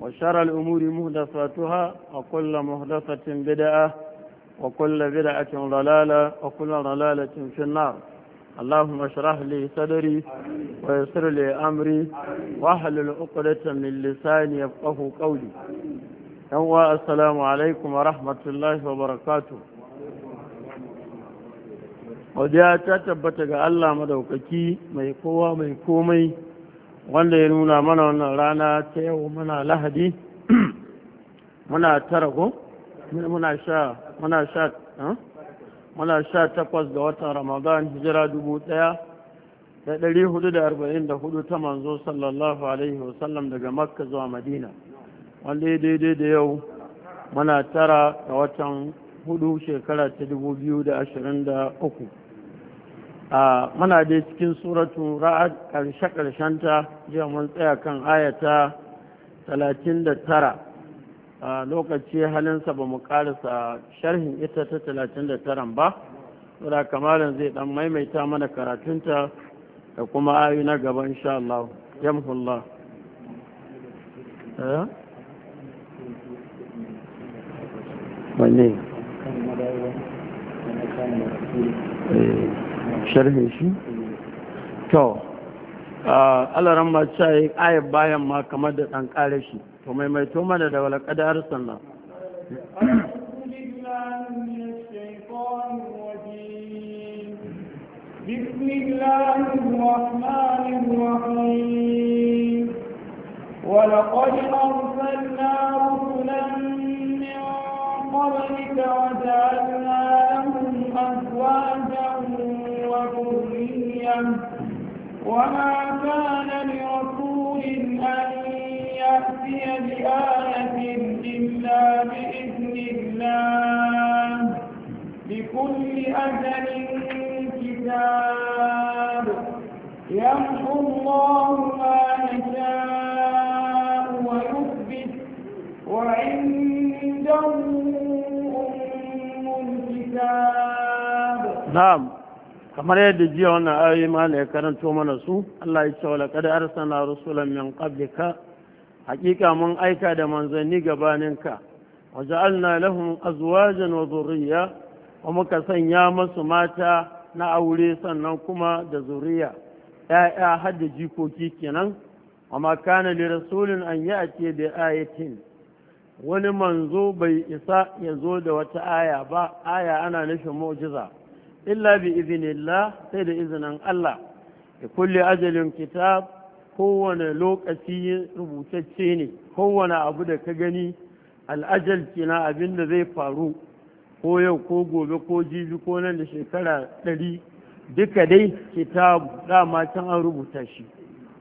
وشر الأمور مهدفاتها وكل مهدفة بدعة وكل بدعة ضلالة وكل ضلالة في النار اللهم اشرح لي صدري ويسر لي أمري وحل العقدة من لساني يفقه قولي هو السلام عليكم ورحمة الله وبركاته ودي ta الله ga Allah madaukaki mai kowa wanda ya nuna mana wannan rana ta yau muna lahadi muna tara ko muna sha muna sha muna sha takwas ga watan ramadan hijira dubu daya da ɗari hudu da arba'in da hudu ta manzo sallallahu alaihi wasallam daga makka zuwa madina wanda ya daidai da yau muna tara ga watan hudu shekara ta dubu biyu da ashirin da uku mana dai cikin suratu ra'ad ƙarshe ta jiya mun tsaya kan ayata 39 lokaci halinsa ba mu ƙarisa sharhin ita ta 39 ba saboda kamarin zai ɗan maimaita mana karatunta da kuma ayu na gaba insha Allah yamhullah eh? wanne eh. sharhe shi to alaran ma ta yi ayar bayan ma kamar da ɗan ƙare shi to maimaito mana da walakada harsun nan بسم الله الرحمن الرحيم ولقد أرسلنا رسلا من قبلك وجعلنا لهم أزواجا وذرية وما كان لرسول أن يأتي بآية إلا بإذن الله لكل أجل كتاب يمحو الله ما يشاء ويثبت وعنده na'am kamar yadda jiya wannan ayoyi mala ya karanto mana su Allah ya ce wa laqad arsalna rusulan min qablika haƙiƙa mun aika da manzanni gabaninka wa ja'alna lahum azwajan wa dhurriyya wa muka sanya masu mata na aure sannan kuma da zuriya ‘ya'ya har da jikoki kenan wa makana li rasulin an yi ake da ayatin wani manzo bai isa ya zo da wata aya ba aya ana nufin mu'jiza illa bi izinillah sai da izinin Allah da kulle ajalin kitab kowane lokaci rubutacce ne kowane abu da ka gani al'ajal kina abin da zai faru ko yau ko gobe ko jibi ko nan da shekara ɗari duka dai kitabu dama can an rubuta shi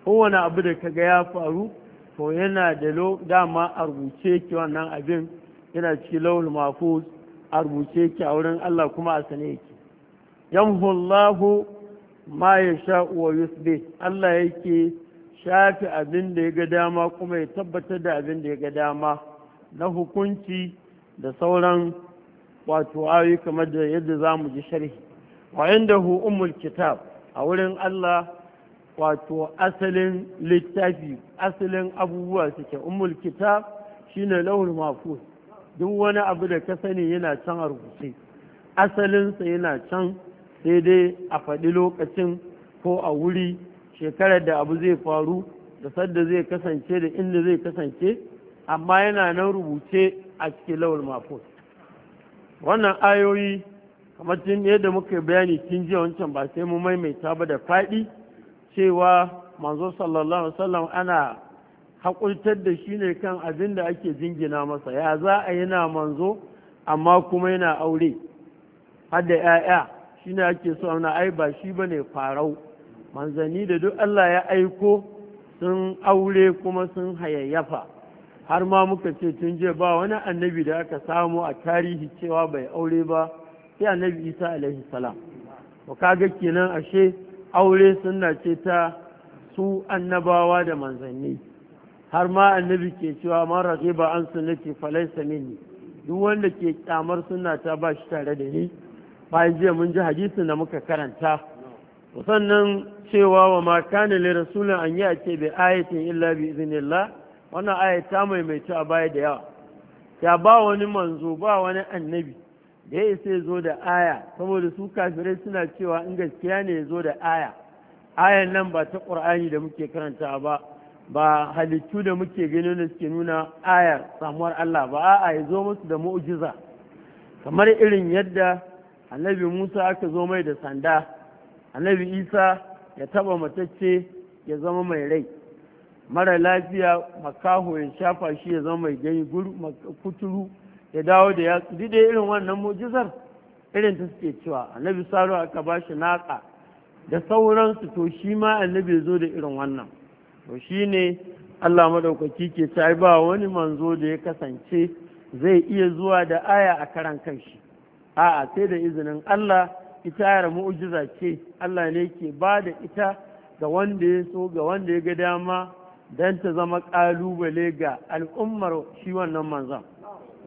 kowane abu da kaga ya faru to yana da dama a rubuce ki wannan abin yana cikin lawul mafuz a rubuce ki a wurin Allah kuma a sane ki yamhu Allahu ma yasha'u wa yusbit Allah yake shafi abin da ya ga dama kuma ya tabbatar da abin da ya ga dama na hukunci da sauran wato ayi kamar da yadda za mu ji sharhi wa hu umul kitab a wurin Allah wato asalin littafi asalin abubuwa suke umul kitab shine lauhul mahfuz duk wani abu da ka sani yana can a rubuce asalinsa yana can sai dai a faɗi lokacin ko a wuri shekarar da abu zai faru da sadda zai kasance da inda zai kasance amma yana nan rubuce a cikin lawal mafus wannan ayoyi kamar tun yadda muka bayani tun jiya wancan ba sai mu maimaita ba da faɗi cewa manzo sallallahu alaihi wasallam ana haƙultar da shi ne kan abin da ake jingina masa ya za a yana manzo amma kuma yana aure har da 'ya'ya shi ne ake so na ai ba shi ba ne farau manzanni da duk Allah ya aiko sun aure kuma sun hayayyafa har ma muka ce tun je ba wani annabi da aka samu a tarihi cewa bai aure ba sai annabi isa alaihi salam ba kaga kenan ashe aure sunna ce ta su annabawa da manzanni har ma annabi ke cewa man ba an sunnati falaysa mini? duk wanda ke kyamar suna ta ba shi tare da ni bayan jiya mun ji hadisin da muka karanta sannan cewa wa ma kana li an yi ce bi ayatin illa bi iznillah wannan ayata ta maimaita a baya da yawa ya ba wani manzo ba wani annabi da ya isa zo da aya saboda su kafirai suna cewa in gaskiya ne ya zo da aya ayan nan ba ta qur'ani da muke karanta ba ba halittu da muke gani da suke nuna ayar samuwar Allah ba a'a ya zo musu da mu'jiza kamar irin yadda annabi musa aka zo mai da sanda annabi isa ya taba matacce ya zama mai rai mara lafiya makaho ya shafa shi ya zama mai gani kuturu ya dawo da yatsu duk irin wannan mujizar irin ta suke cewa annabi saro aka ba shi naka da sauransu to shi ma annabi zo da irin wannan to shi ne allah maɗaukaki ke ta ba wani manzo da ya kasance zai iya zuwa da aya a karan kanshi a'a sai da izinin Allah ita ayar mu'ujiza ce Allah ne ke ba da ita ga wanda ya so ga wanda ya ga dama don ta zama ƙalubale ga al'ummar shi wannan manzan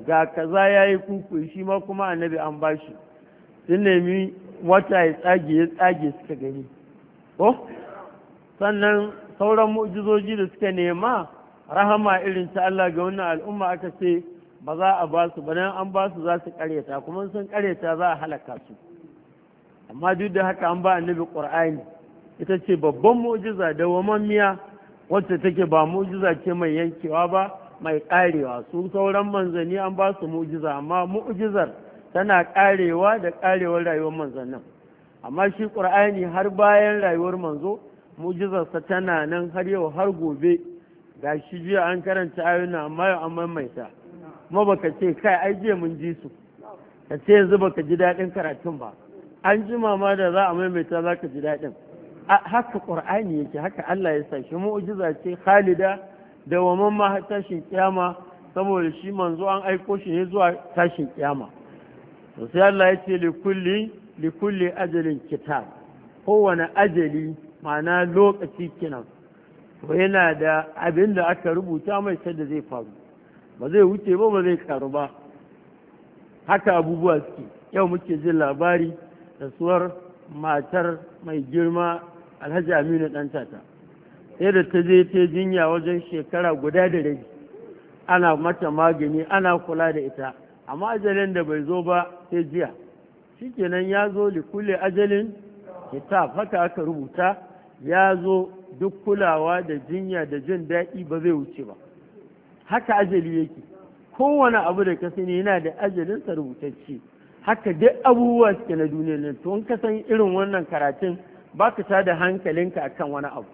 ga kaza ya yi kuku shi ma kuma annabi an ba shi sun nemi wata ya tsage ya tsage suka gani ko sannan sauran mu'ujizoji da suka nema rahama irin ta Allah ga wannan al'umma aka sai ba za a ba su bane an ba su za su karyata kuma sun karyata za a halaka su amma duk da haka an ba annabi ƙur'ani, ita ce babban mu'jiza da wamammiya wacce take ba mu'jiza ce mai yankewa ba mai ƙarewa. su sauran manzanni an ba su mu'jiza amma mu'jizar tana ƙarewa da karewar rayuwar manzannin amma shi ƙur'ani har bayan rayuwar manzo mu'jizarsa tana nan har yau har gobe ga shi jiya an karanta ayuna amma yau an maimaita kuma baka ce kai ai jiya mun ji su ka ce yanzu baka ji daɗin karatun ba an ji mama da za a maimaita za ka ji daɗin haka ƙur'ani yake haka Allah ya sa shi mu'jiza ce Khalida da mamma har tashin kiyama saboda shi manzo an aiko shi ne zuwa tashin kyama to sai Allah ya ce likulli ajalin kitab kowane ajali ma'ana lokaci kinan to yana da abin da aka rubuta mai sai zai faru ba zai wuce ba ba zai karu ba haka abubuwa suke yau muke jin labari da suwar matar mai girma alhaji aminu ɗantata tata sai da ta je ta jinya wajen shekara guda da rabi ana mata magani ana kula da ita amma ajalin da bai zo ba sai jiya shikenan ya zo likule ajalin kitab haka aka rubuta ya zo duk kulawa da jinya da jin daɗi ba zai wuce ba haka ajali yake kowane abu da ka sani yana da ajalin rubutacce haka duk abubuwa suke na duniya ne to in ka san irin wannan karatun ba ka da hankalinka akan wani abu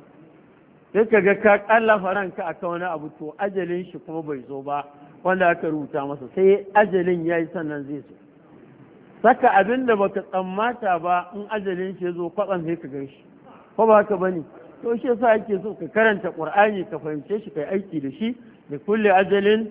sai ka ga ka kallafa ranka akan wani abu to ajalin shi kuma bai zo ba wanda aka rubuta masa sai ajalin ya yi sannan zai zo saka abin da baka tsammata ba in ajalin shi ya zo kwatsam sai ka gan shi ko ba haka bane to shi yasa ake so ka karanta ƙur'ani ka fahimce shi kai aiki da shi da ajalin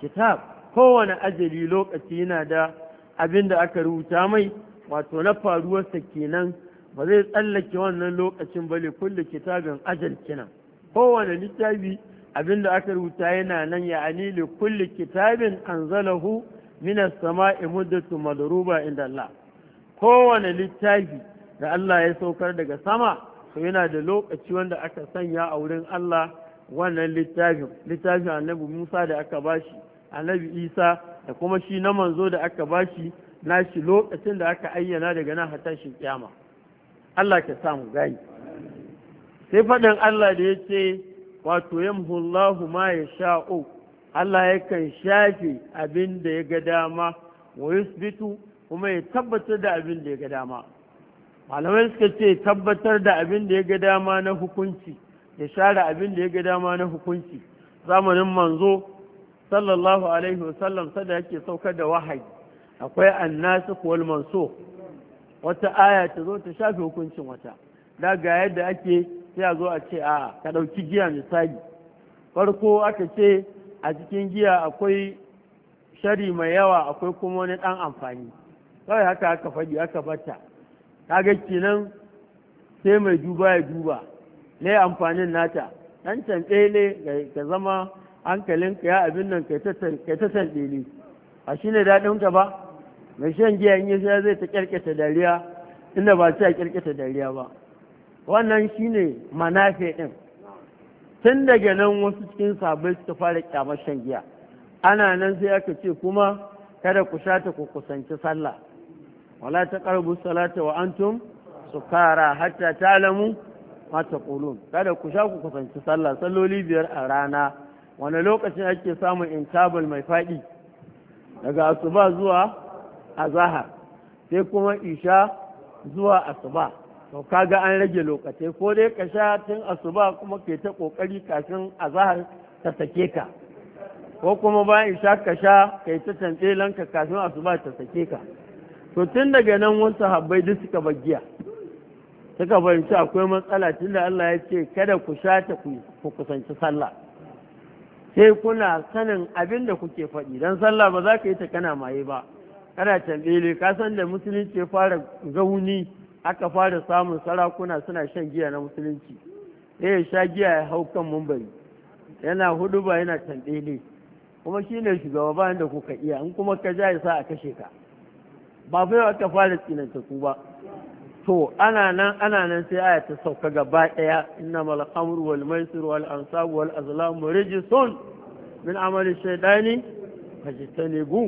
kitab kowane ajali lokaci yana da abin da aka rubuta mai wato na faruwarsa kenan ba zai tsallake wannan lokacin ba le kulle kitabin ajal kenan kowane littafi abin da aka rubuta yana nan ya ani le kitabin anzalahu minas sama'i muddatu madruba inda Allah kowane littafi da Allah ya saukar daga sama to yana da lokaci wanda aka sanya a wurin Allah wannan littafin littafin annabi musa da aka bashi annabi isa da kuma shi na manzo da aka bashi na shi lokacin da aka ayyana daga nan hatta tashin kyama Allah ka samu gani sai faɗin Allah da ya ce wato yamhullahu ma ya sha'o Allah yakan shafe abin da ya ga dama wa yusbitu kuma ya tabbatar da abin da ya ga dama malamai suka ce tabbatar da abin da ya ga dama na hukunci ya share abin da ya ga dama na hukunci zamanin manzo sallallahu alaihi wasallam sada yake saukar da wahayi akwai annasu wal manso wata aya ta zo ta shafe hukuncin wata da ga yadda ake sai a zo a ce a ka ɗauki giya misali farko aka ce a cikin giya akwai shari mai yawa akwai kuma wani ɗan amfani kawai haka aka faɗi aka bata kaga kenan sai mai duba ya duba ne amfanin nata ɗan ne ka zama hankalinka ya abin nan ka ta tanɗele a shi ne daɗin ka ba mai shan giya in yi yasa zai ta ƙyarƙeta dariya inda ba ta ƙyarƙeta dariya ba wannan shi ne manafe ɗin tun daga nan wasu cikin sabai suka fara ƙyamar shan giya ana nan sai aka ce kuma kada ku shata ku kusanci sallah wala ta salata wa antum sukara hatta ta ta'lamu mata ƙulun kada ku sha ku kusanci sallah salloli biyar a rana wani lokacin ake samun intabal mai faɗi daga asuba zuwa azahar sai kuma isha zuwa asuba to kaga an rage lokacin ko dai ka sha tun asuba kuma ke ta ƙoƙari kafin azahar ta sake ka ko kuma bayan isha ka sha kai ta tantselanka kafin asuba ta sake ka to tun daga nan wasu habbai duk suka bagiya suka fahimci akwai matsala tunda Allah ya ce kada ku sha ta ku kusanci sallah sai kuna sanin abin da kuke faɗi don sallah ba za ka yi ta kana maye ba kana tambele ka san da musulunci ya fara gauni aka fara samun sarakuna suna shan giya na musulunci sai ya sha giya ya hau kan mumbai yana hudu ba yana tambele kuma shi ne shugaba bayan da kuka iya in kuma ka ja ya sa a kashe ka ba fai aka fara tsinanta ku ba to ana nan ana nan sai aya ta sauka gaba daya inna mal khamru wal maisir wal ansab wal azlam rijsun min amali shaytani fajtanibu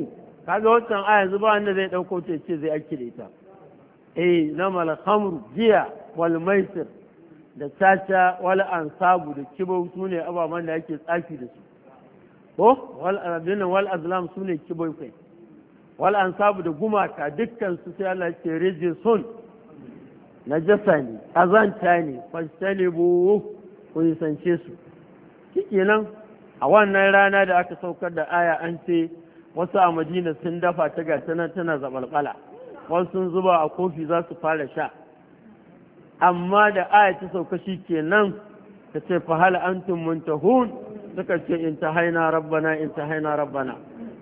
kaga wannan aya zuba wanda zai dauko ce ce zai akire ta eh na mal khamru jiya wal maisir da tata wal ansabu da kibau sune ababan da yake tsafi da su ko wal arabin wal azlam sune kibau kai wal ansabu da gumaka dukkan su sai Allah ya ce rijsun najasa ne azanta ne fastalibu ku nisance su shikenan a wannan rana da aka saukar da aya an ce wasu a madina sun dafa ta ga tana tana zabalbala wasu sun zuba a kofi za su fara sha amma da aya ta sauka kenan ta ce fa hal antum muntahun suka ce in ta haina rabbana in ta haina rabbana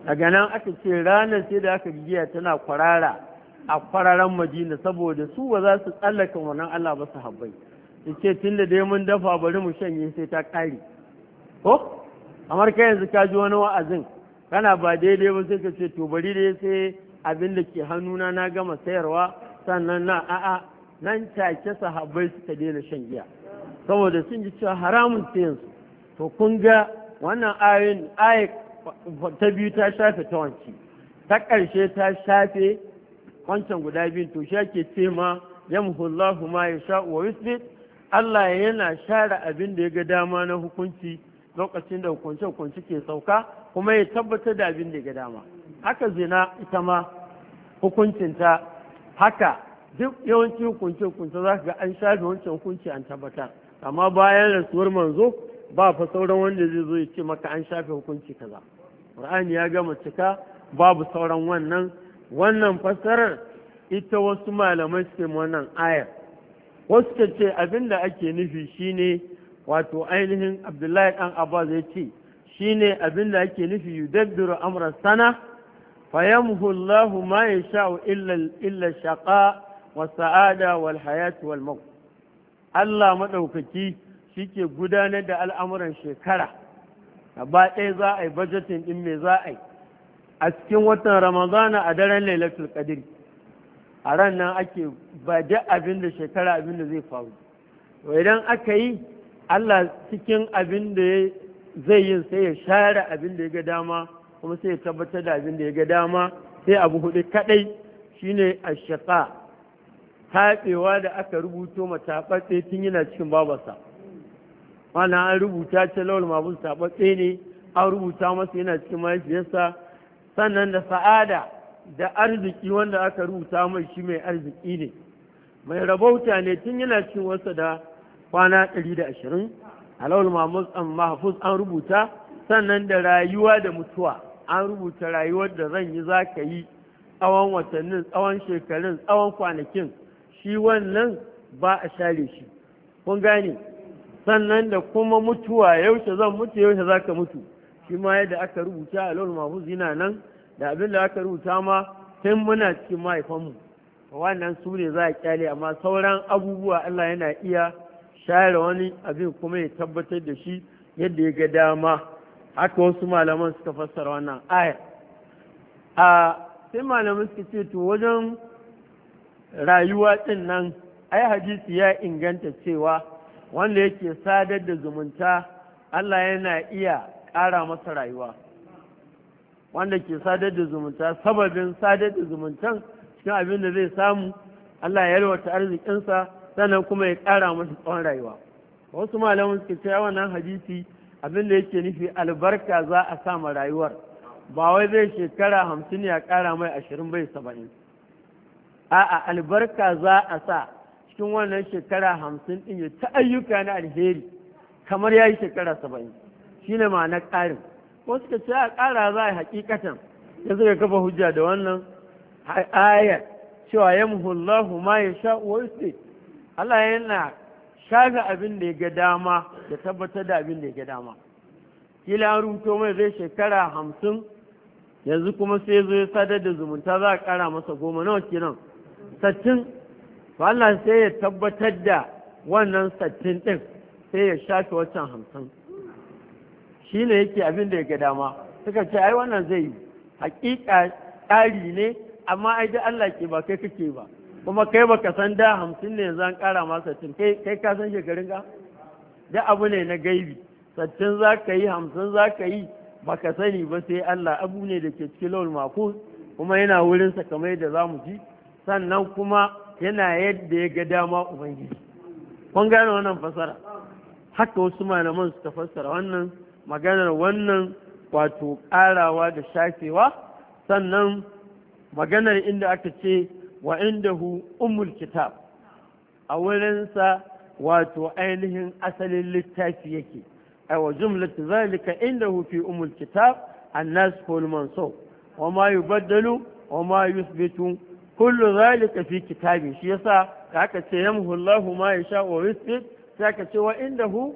daga nan aka ce ranar sai da aka giya tana kwarara a fararen madina saboda su ba za su tsallaka wannan Allah ba su habbai in ce tun da dai mun dafa bari mu shanye sai ta ƙare ko kamar kai yanzu ka ji wani wa'azin kana ba daidai ba sai ka ce to bari dai sai abin da ke hannuna na gama sayarwa sannan na a'a nan take sahabbai suka daina shan giya saboda sun ji cewa haramun sayansu to kun ga wannan ayin ta biyu ta shafe ta wanci ta ƙarshe ta shafe wancan guda biyun to shi ake ce ma Allahu ma yasha wa yusbit Allah yana share abin da ya ga dama na hukunci lokacin da hukunci hukunci ke sauka kuma ya tabbatar da abin da ya ga dama haka zina ita ma hukuncin ta haka duk yawancin hukunci hukunci za ka ga an shafe wancan hukunci an tabbatar amma bayan rasuwar manzo ba fa sauran wanda zai zo ya ce maka an shafe hukunci kaza Qur'ani ya gama cika babu sauran wannan wannan fassarar ita wasu malamai suke wannan ayar wasu ka ce abin da ake nufi shine wato ainihin abdullahi dan abbas ya ce shine abin da ake nufi yudabbiru amra sana fayamhu Allahu ma yasha'u illa illa shaqa wa sa'ada wal hayat wal maut Allah madaukaki shike gudanar da al'amuran shekara gaba ɗaya za a yi budgeting din me za a yi a cikin watan ramadana a daren lailatul qadr a ran nan ake ba da abin da shekara abin da zai faru to idan aka yi Allah cikin abin da zai yin sai ya share abin da ya ga dama kuma sai ya tabbatar da abin da ya ga dama sai abu hudu kadai shine ashqa taɓewa da aka rubuto mataɓaɓɓe tun yana cikin babasa. mana an rubuta ce lawal mabun taɓaɓɓe ne an rubuta masa yana cikin mahaifiyarsa sannan da sa'ada da arziki wanda aka rubuta mai shi mai arziki ne mai rabauta ne tun yana cin wasa da kwana 120 da ashirin an um, mahfuz an rubuta sannan da rayuwa da mutuwa an rubuta rayuwar da zan yi za ka yi tsawon watannin tsawon shekarun tsawon kwanakin shi wannan ba a share shi kun gane sannan da kuma mutuwa yaushe zan mutu yaushe za ka mutu shi ma yadda aka rubuta a lawul mahfuz yana nan da abin da aka rubuta ma sai muna cikin mahaifanmu wannan su ne za a kyale amma sauran abubuwa Allah yana iya share wani abin kuma ya tabbatar da shi yadda ya ga dama haka wasu malaman suka fassara wannan aya a sai malaman suka ce to wajen rayuwa din nan ai hadisi ya inganta cewa wanda yake sadar da zumunta Allah yana iya ƙara masa rayuwa wanda ke sadar da zumunta sababin sadar da zumuntan cikin abin da zai samu Allah ya yalwata arzikinsa sannan kuma ya ƙara masa tsawon rayuwa wasu malaman suke cewa wannan hadisi abin da yake nufi albarka za a sama rayuwar ba wai zai shekara hamsin ya ƙara mai ashirin bai saba'in a'a albarka za a sa cikin wannan shekara hamsin ɗin ya ta ayyuka na alheri kamar ya yi shekara saba'in shine na ƙarin wasu ka ce a ƙara za a yi hakikatan ya suka kafa hujja da wannan ayar cewa ya muhullahu ma ya sha wasu Allah yana shafe abin da ya ga dama da tabbatar da abin da ya ga dama kila an rubuto mai zai shekara hamsin yanzu kuma sai zo ya sadar da zumunta za a ƙara masa goma nawa kenan sattin to Allah sai ya tabbatar da wannan sattin ɗin sai ya shafe wancan hamsin shi ne yake abin da yake dama suka ce ai wannan zai yi hakika tsari ne amma ai da Allah ke ba kai kake ba kuma kai baka san da hamsin ne yanzu an kara ma sattin kai kai ka san shekarun ka da abu ne na gaibi sattin za ka yi hamsin za ka yi baka sani ba sai Allah abu ne da ke cikin lawul mako kuma yana wurin sa kamar yadda za ji sannan kuma yana yadda ya ga dama ubangiji kun gane wannan fasara haka wasu malaman suka fassara wannan maganar wannan wato ƙarawa da shafewa sannan maganar inda aka ce wa indahu umul kitab a wurinsa wato ainihin asalin littafi yake ai wa jumlatu zalika hu fi umul kitab annas kul manso wa ma yubaddalu wa ma yuthbitu kullu zalika fi kitabi shi yasa aka ce yamhu Allah ma yasha wa yuthbit sai aka ce wa indahu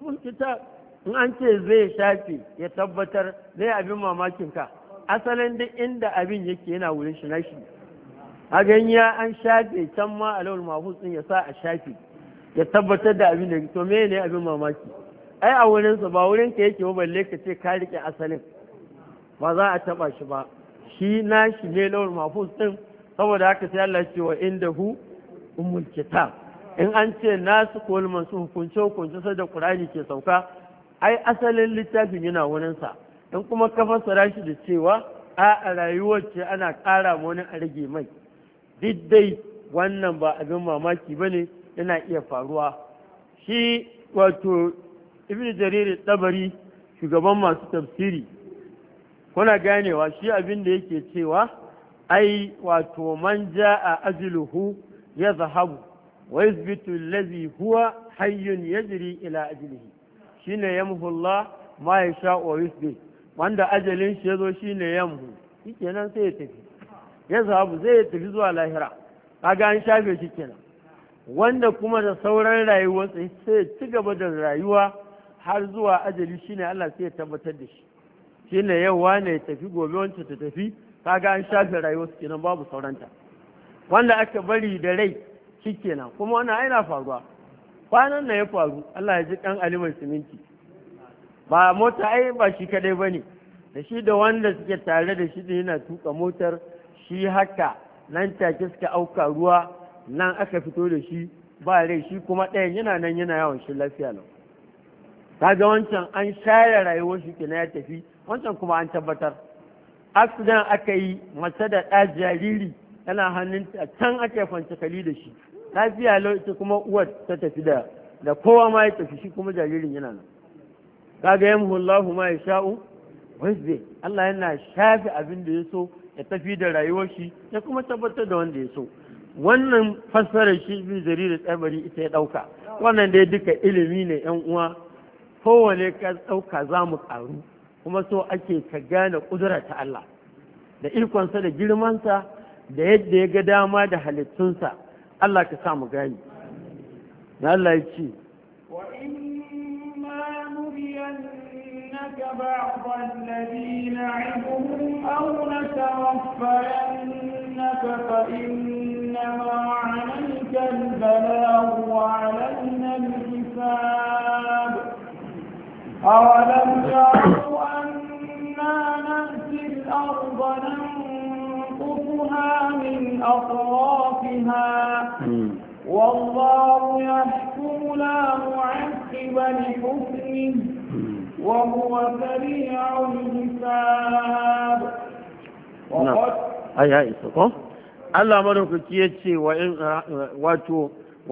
umul kitab in an ce zai shafi ya tabbatar zai abin mamakin ka asalin duk inda abin yake yana wurin shi nashi a ya an shafe can ma a laul din ya sa a shafe ya tabbatar da abin da to me ne abin mamaki ai a wurin ba wurin ka yake ba balle ka ce ka rike asalin ba za a taba shi ba shi nashi ne laul mahfuz saboda haka sai Allah ce wa hu ummul kitab in an ce nasu ko masu hukunce hukunce sai da Qur'ani ke sauka ai asalin littafin yana sa in kuma ka fassara shi da cewa a a rayuwar ce ana ƙara wani a rage mai duk dai wannan ba abin mamaki ba ne yana iya faruwa shi wato ibn jarir tabari shugaban masu tafsiri kuna ganewa shi abin da yake cewa ai wato man a ajluhu ya zahabu wa yuzbitu allazi huwa hayyun yajri ila ajlihi shine yamhullah ma sha wa yusbi wanda ajalin shi yazo shine yamhu shikenan sai ya tafi ya zabu zai tafi zuwa lahira kaga an shafe shi kenan wanda kuma da sauran rayuwar sai ya ci gaba da rayuwa har zuwa ajali shine Allah sai ya tabbatar da shi shine yawa ne ya tafi gobe wancan ta tafi kaga an shafe rayuwarsa kenan babu sauranta wanda aka bari da rai shikenan kuma wannan yana faruwa kwanan na ya faru Allah ya ji kan aliman siminti ba mota ai ba shi kadai bane da shi da wanda suke tare da shi da yana tuka motar shi haka nan take suka auka ruwa nan aka fito da shi ba rai shi kuma ɗayan yana nan yana yawon shi lafiya lau kaga wancan an share rayuwar shi kenan ya tafi wancan kuma an tabbatar accident aka yi mace da ɗa jariri yana hannun can aka fanci kali da shi lafiya lau kuma uwar ta tafi da da kowa ma ya tafi shi kuma jaririn yana nan kaga yamhu Allahu ma sha'u wa Allah yana shafi abin da ya so ya tafi da rayuwar shi ya kuma tabbatar da wanda ya so wannan fassarar shi bin jaririn tsabari ita ya ɗauka. wannan dai duka ilimi ne yan uwa kowane ka dauka za mu karu kuma so ake ka gane kudura ta Allah da ikonsa da girmansa da yadda ya ga dama da halittunsa Allah ka sa mu gani ya Allah ya ce wa imma nuriyannaka ba'd alladhina أولم يروا أنا نأتي الأرض ننقلها ينقصها من أطرافها والله يحكم لا معقب لحكمه وهو سريع الحساب وقد أي أي Allah madaukaki ya ce wa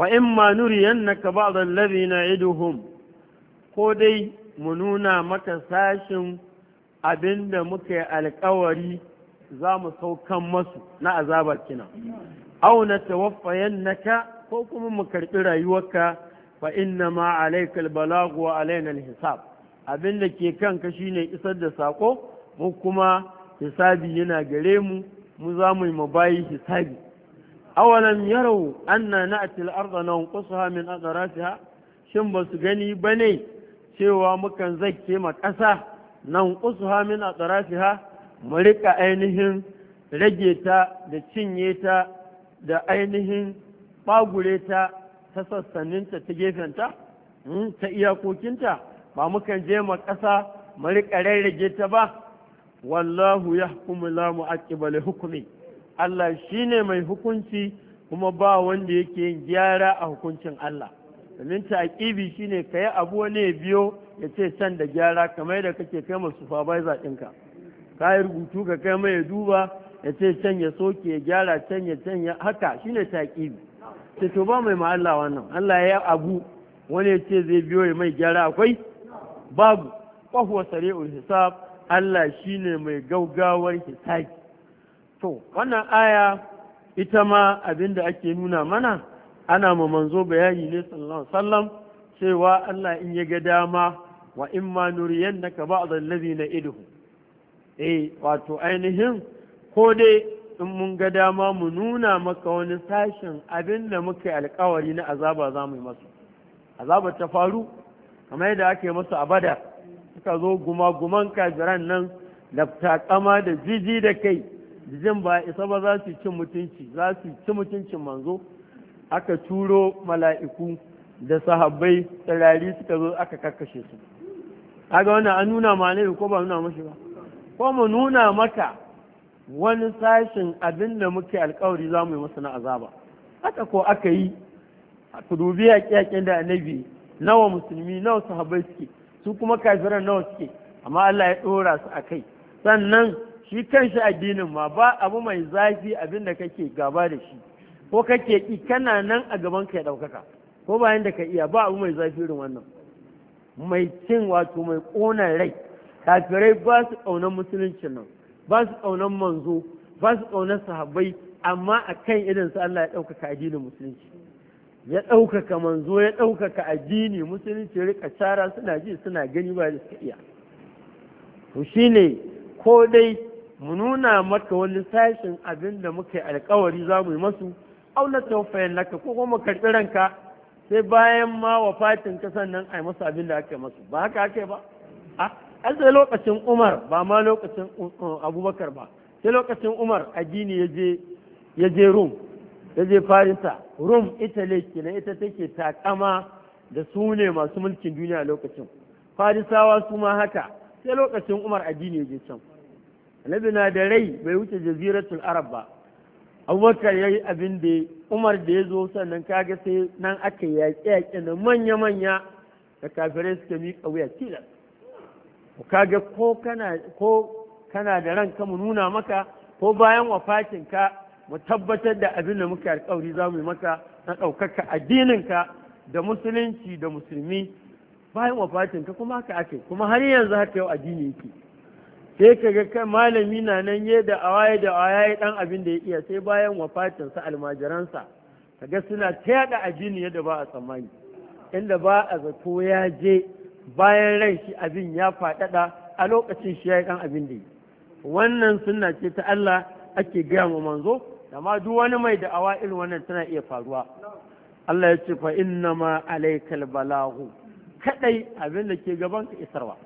in ma nuriyannaka ba'd allazi na'iduhum ko dai mu nuna maka sashin abinda muka yi alkawari za mu saukan masu na azabar kina au na tawaffayan naka ko kuma mu karɓi rayuwarka fa inna ma alaikal balagu wa alaina hisab abin da ke kanka shine isar da sako mu kuma hisabi yana gare mu mu za mu yi mu bayi hisabi awalam yarau anna na'ti al-ardha nanqusuha min adrasiha shin ba su gani bane cewa mukan zakke ma ƙasa nan ƙusuha min atrafiha mu riƙa ainihin rage ta da cinye ta da ainihin ɓagure ta ta sassaninta ta gefenta hmm, ta iyakokinta ba mukan je ma ƙasa mu riƙa rarrage ta ba wallahu ya hukumu la mu'aqqiba li hukmi Allah shine mai hukunci kuma ba wanda yake yin gyara a hukuncin Allah domin ne shine kai abu ne biyo ya ce san da gyara kamar da kake kai ma supervisor ɗinka ka yi rubutu ka kai mai duba ya ce can ya soke ya gyara can ya can ya haka shine taƙibi ce to ba mai ma'alla wannan Allah ya abu wani ya ce zai biyo ya mai gyara akwai babu kwahuwa sari'ul hisab Allah shi ne mai gaugawar hisabi to wannan aya ita ma abin da ake nuna mana ana ma manzo bayani ne sallallahu sallam cewa Allah in ya ga dama wa in ma nuriyannaka ba'd allazi na idhu eh wato ainihin ko dai in mun ga dama mu nuna maka wani sashen abin da muka yi alkawari na azaba za mu yi masu azaba ta faru kamar yadda ake masu abada suka zo guma-guman kajiran nan da takama da jiji da kai jijin ba isa ba za su ci mutunci za su ci mutuncin manzo aka turo mala'iku da sahabbai tsirari suka zo aka karkashe su kaga wannan an nuna ma ko ba nuna mashi ba ko mu nuna mata wani sashin abin da muke alkawari za mu yi masu na azaba haka ko aka yi ku dubi a yaƙen da annabi nawa musulmi nawa sahabbai suke su kuma kafiran nawa suke amma Allah ya ɗora su a kai sannan shi kanshi addinin ma ba abu mai zafi abin da kake gaba da shi ko kake ƙi kana nan a gaban ka ya ɗaukaka ko bayan da ka iya ba abu mai zafi irin wannan mai cin wato mai ƙona rai kafirai ba su ƙaunar musuluncin nan ba su ƙaunar manzo ba su ƙaunar sahabbai amma a kan irin su Allah ya ɗaukaka addinin musulunci ya ɗaukaka manzo ya ɗaukaka addini musulunci rika cara suna ji suna gani ba da suka iya to shine ko dai mu nuna maka wani sashin abin da muka yi alkawari za mu yi masu auna tawfayan naka ko kuma karɓi ranka sai bayan ma wafatin ka nan a yi masu abin da aka yi masu ba haka aka yi ba a ah, an sai lokacin umar ba ma lokacin uh, uh, abubakar ba sai lokacin umar addini ya je rum ya je farisa rum ita kenan ita take takama da su ne masu mulkin duniya lokacin farisawa su ma haka sai lokacin umar addini ya je can annabi na da rai bai wuce jaziratul arab ba abubakar ya yi abin da umar da ya zo sannan kaga sai nan aka yaƙe-yaƙe na manya-manya da kafirai suka miƙa wuya tilas Ku ko kana ko kana da ranka mu nuna maka ko bayan wafatinka mu tabbatar da abin da muke alkawari za mu yi maka na ɗaukaka addininka da musulunci da musulmi bayan wafatinka kuma haka ake kuma har yanzu haka yau addini yake sai ka ga kan malami na nan ya da awaye da awaye dan abin da ya iya sai bayan wafatinsa almajiransa kaga suna ta yada addini yadda ba a tsammani inda ba a zato ya je bayan rai shi abin ya faɗaɗa a lokacin shi ya yi ɗan abin da yi wannan sunna ce ta Allah ake gaya ma manzo amma duk wani mai da'awa irin wannan tana iya faruwa Allah ya ce fa inna ma alaikal balahu. kadai abin da ke gaban ka isarwa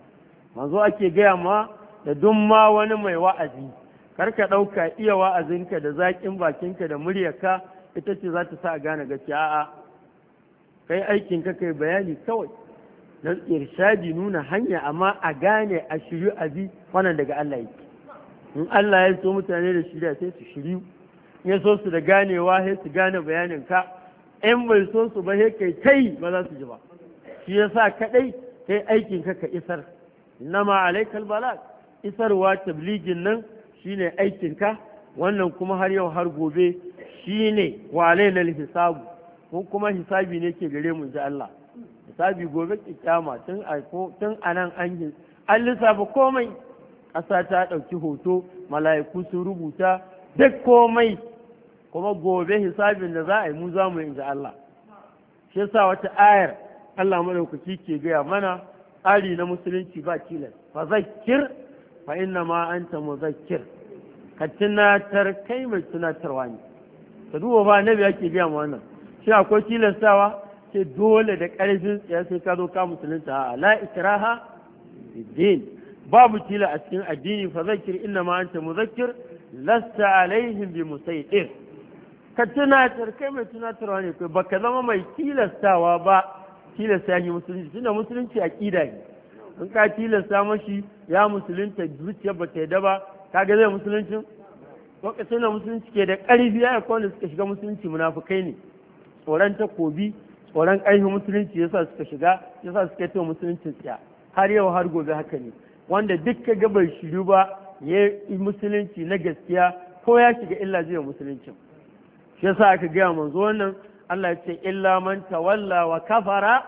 manzo ake gaya ma da duk ma wani mai wa'azi kar ka ɗauka iya wa'azinka da zaƙin bakinka da muryarka ita ce za ta sa a gane gaci a'a kai aikinka kai bayani kawai na irshadi nuna hanya amma a gane a shiryu a bi wannan daga Allah yake in Allah ya so mutane da shirya sai su shiryu ya so su da ganewa sai su gane bayanin ka in bai so su ba sai kai kai ba za su ji ba shi yasa kaɗai kai aikin ka ka isar ma alaikal balak isarwa tabligin nan shine aikin ka wannan kuma har yau har gobe shine wa alaina hisabu ko kuma hisabi ne ke gare mu ji Allah hisabi gobe kiyama tun a nan anan an an lissafa komai ƙasa ta ɗauki hoto mala'iku sun rubuta duk komai kuma gobe hisabin da za a yi mu za mu inda Allah shi yasa wata ayar Allah madaukaki ke gaya mana tsari na musulunci ba tilas fa zakkir fa inna ma anta muzakkir ka tunatar kai mai tunatarwa ne ka duba ba nabi yake gaya mana wannan shi akwai tilastawa ce dole da ƙarfin ya sai ka zo ka musulunta a la ikraha din babu tila a cikin addini fa zakir inna ma anta muzakkir lasta alaihim bi musaitir ka tunatar kai mai tunatarwa ne kai baka zama mai tilastawa ba tilasta shi musulunci tunda musulunci aqida ne in ka tilasta mashi ya musulunta zuciya ba ta yadda ba kaga zai musuluncin wakasai da musulunci ke da ƙarfi ya yi kwanin suka shiga musulunci munafukai ne tsoron takobi tsoron ƙarfin musulunci yasa suka shiga yasa suka yi musulunci tsiya har yau har gobe haka ne wanda duk ka ga bai shiru ba ya yi musulunci na gaskiya ko ya shiga illa zai musulunci shi yasa aka gaya manzo wannan Allah ya ce illa man tawalla wa kafara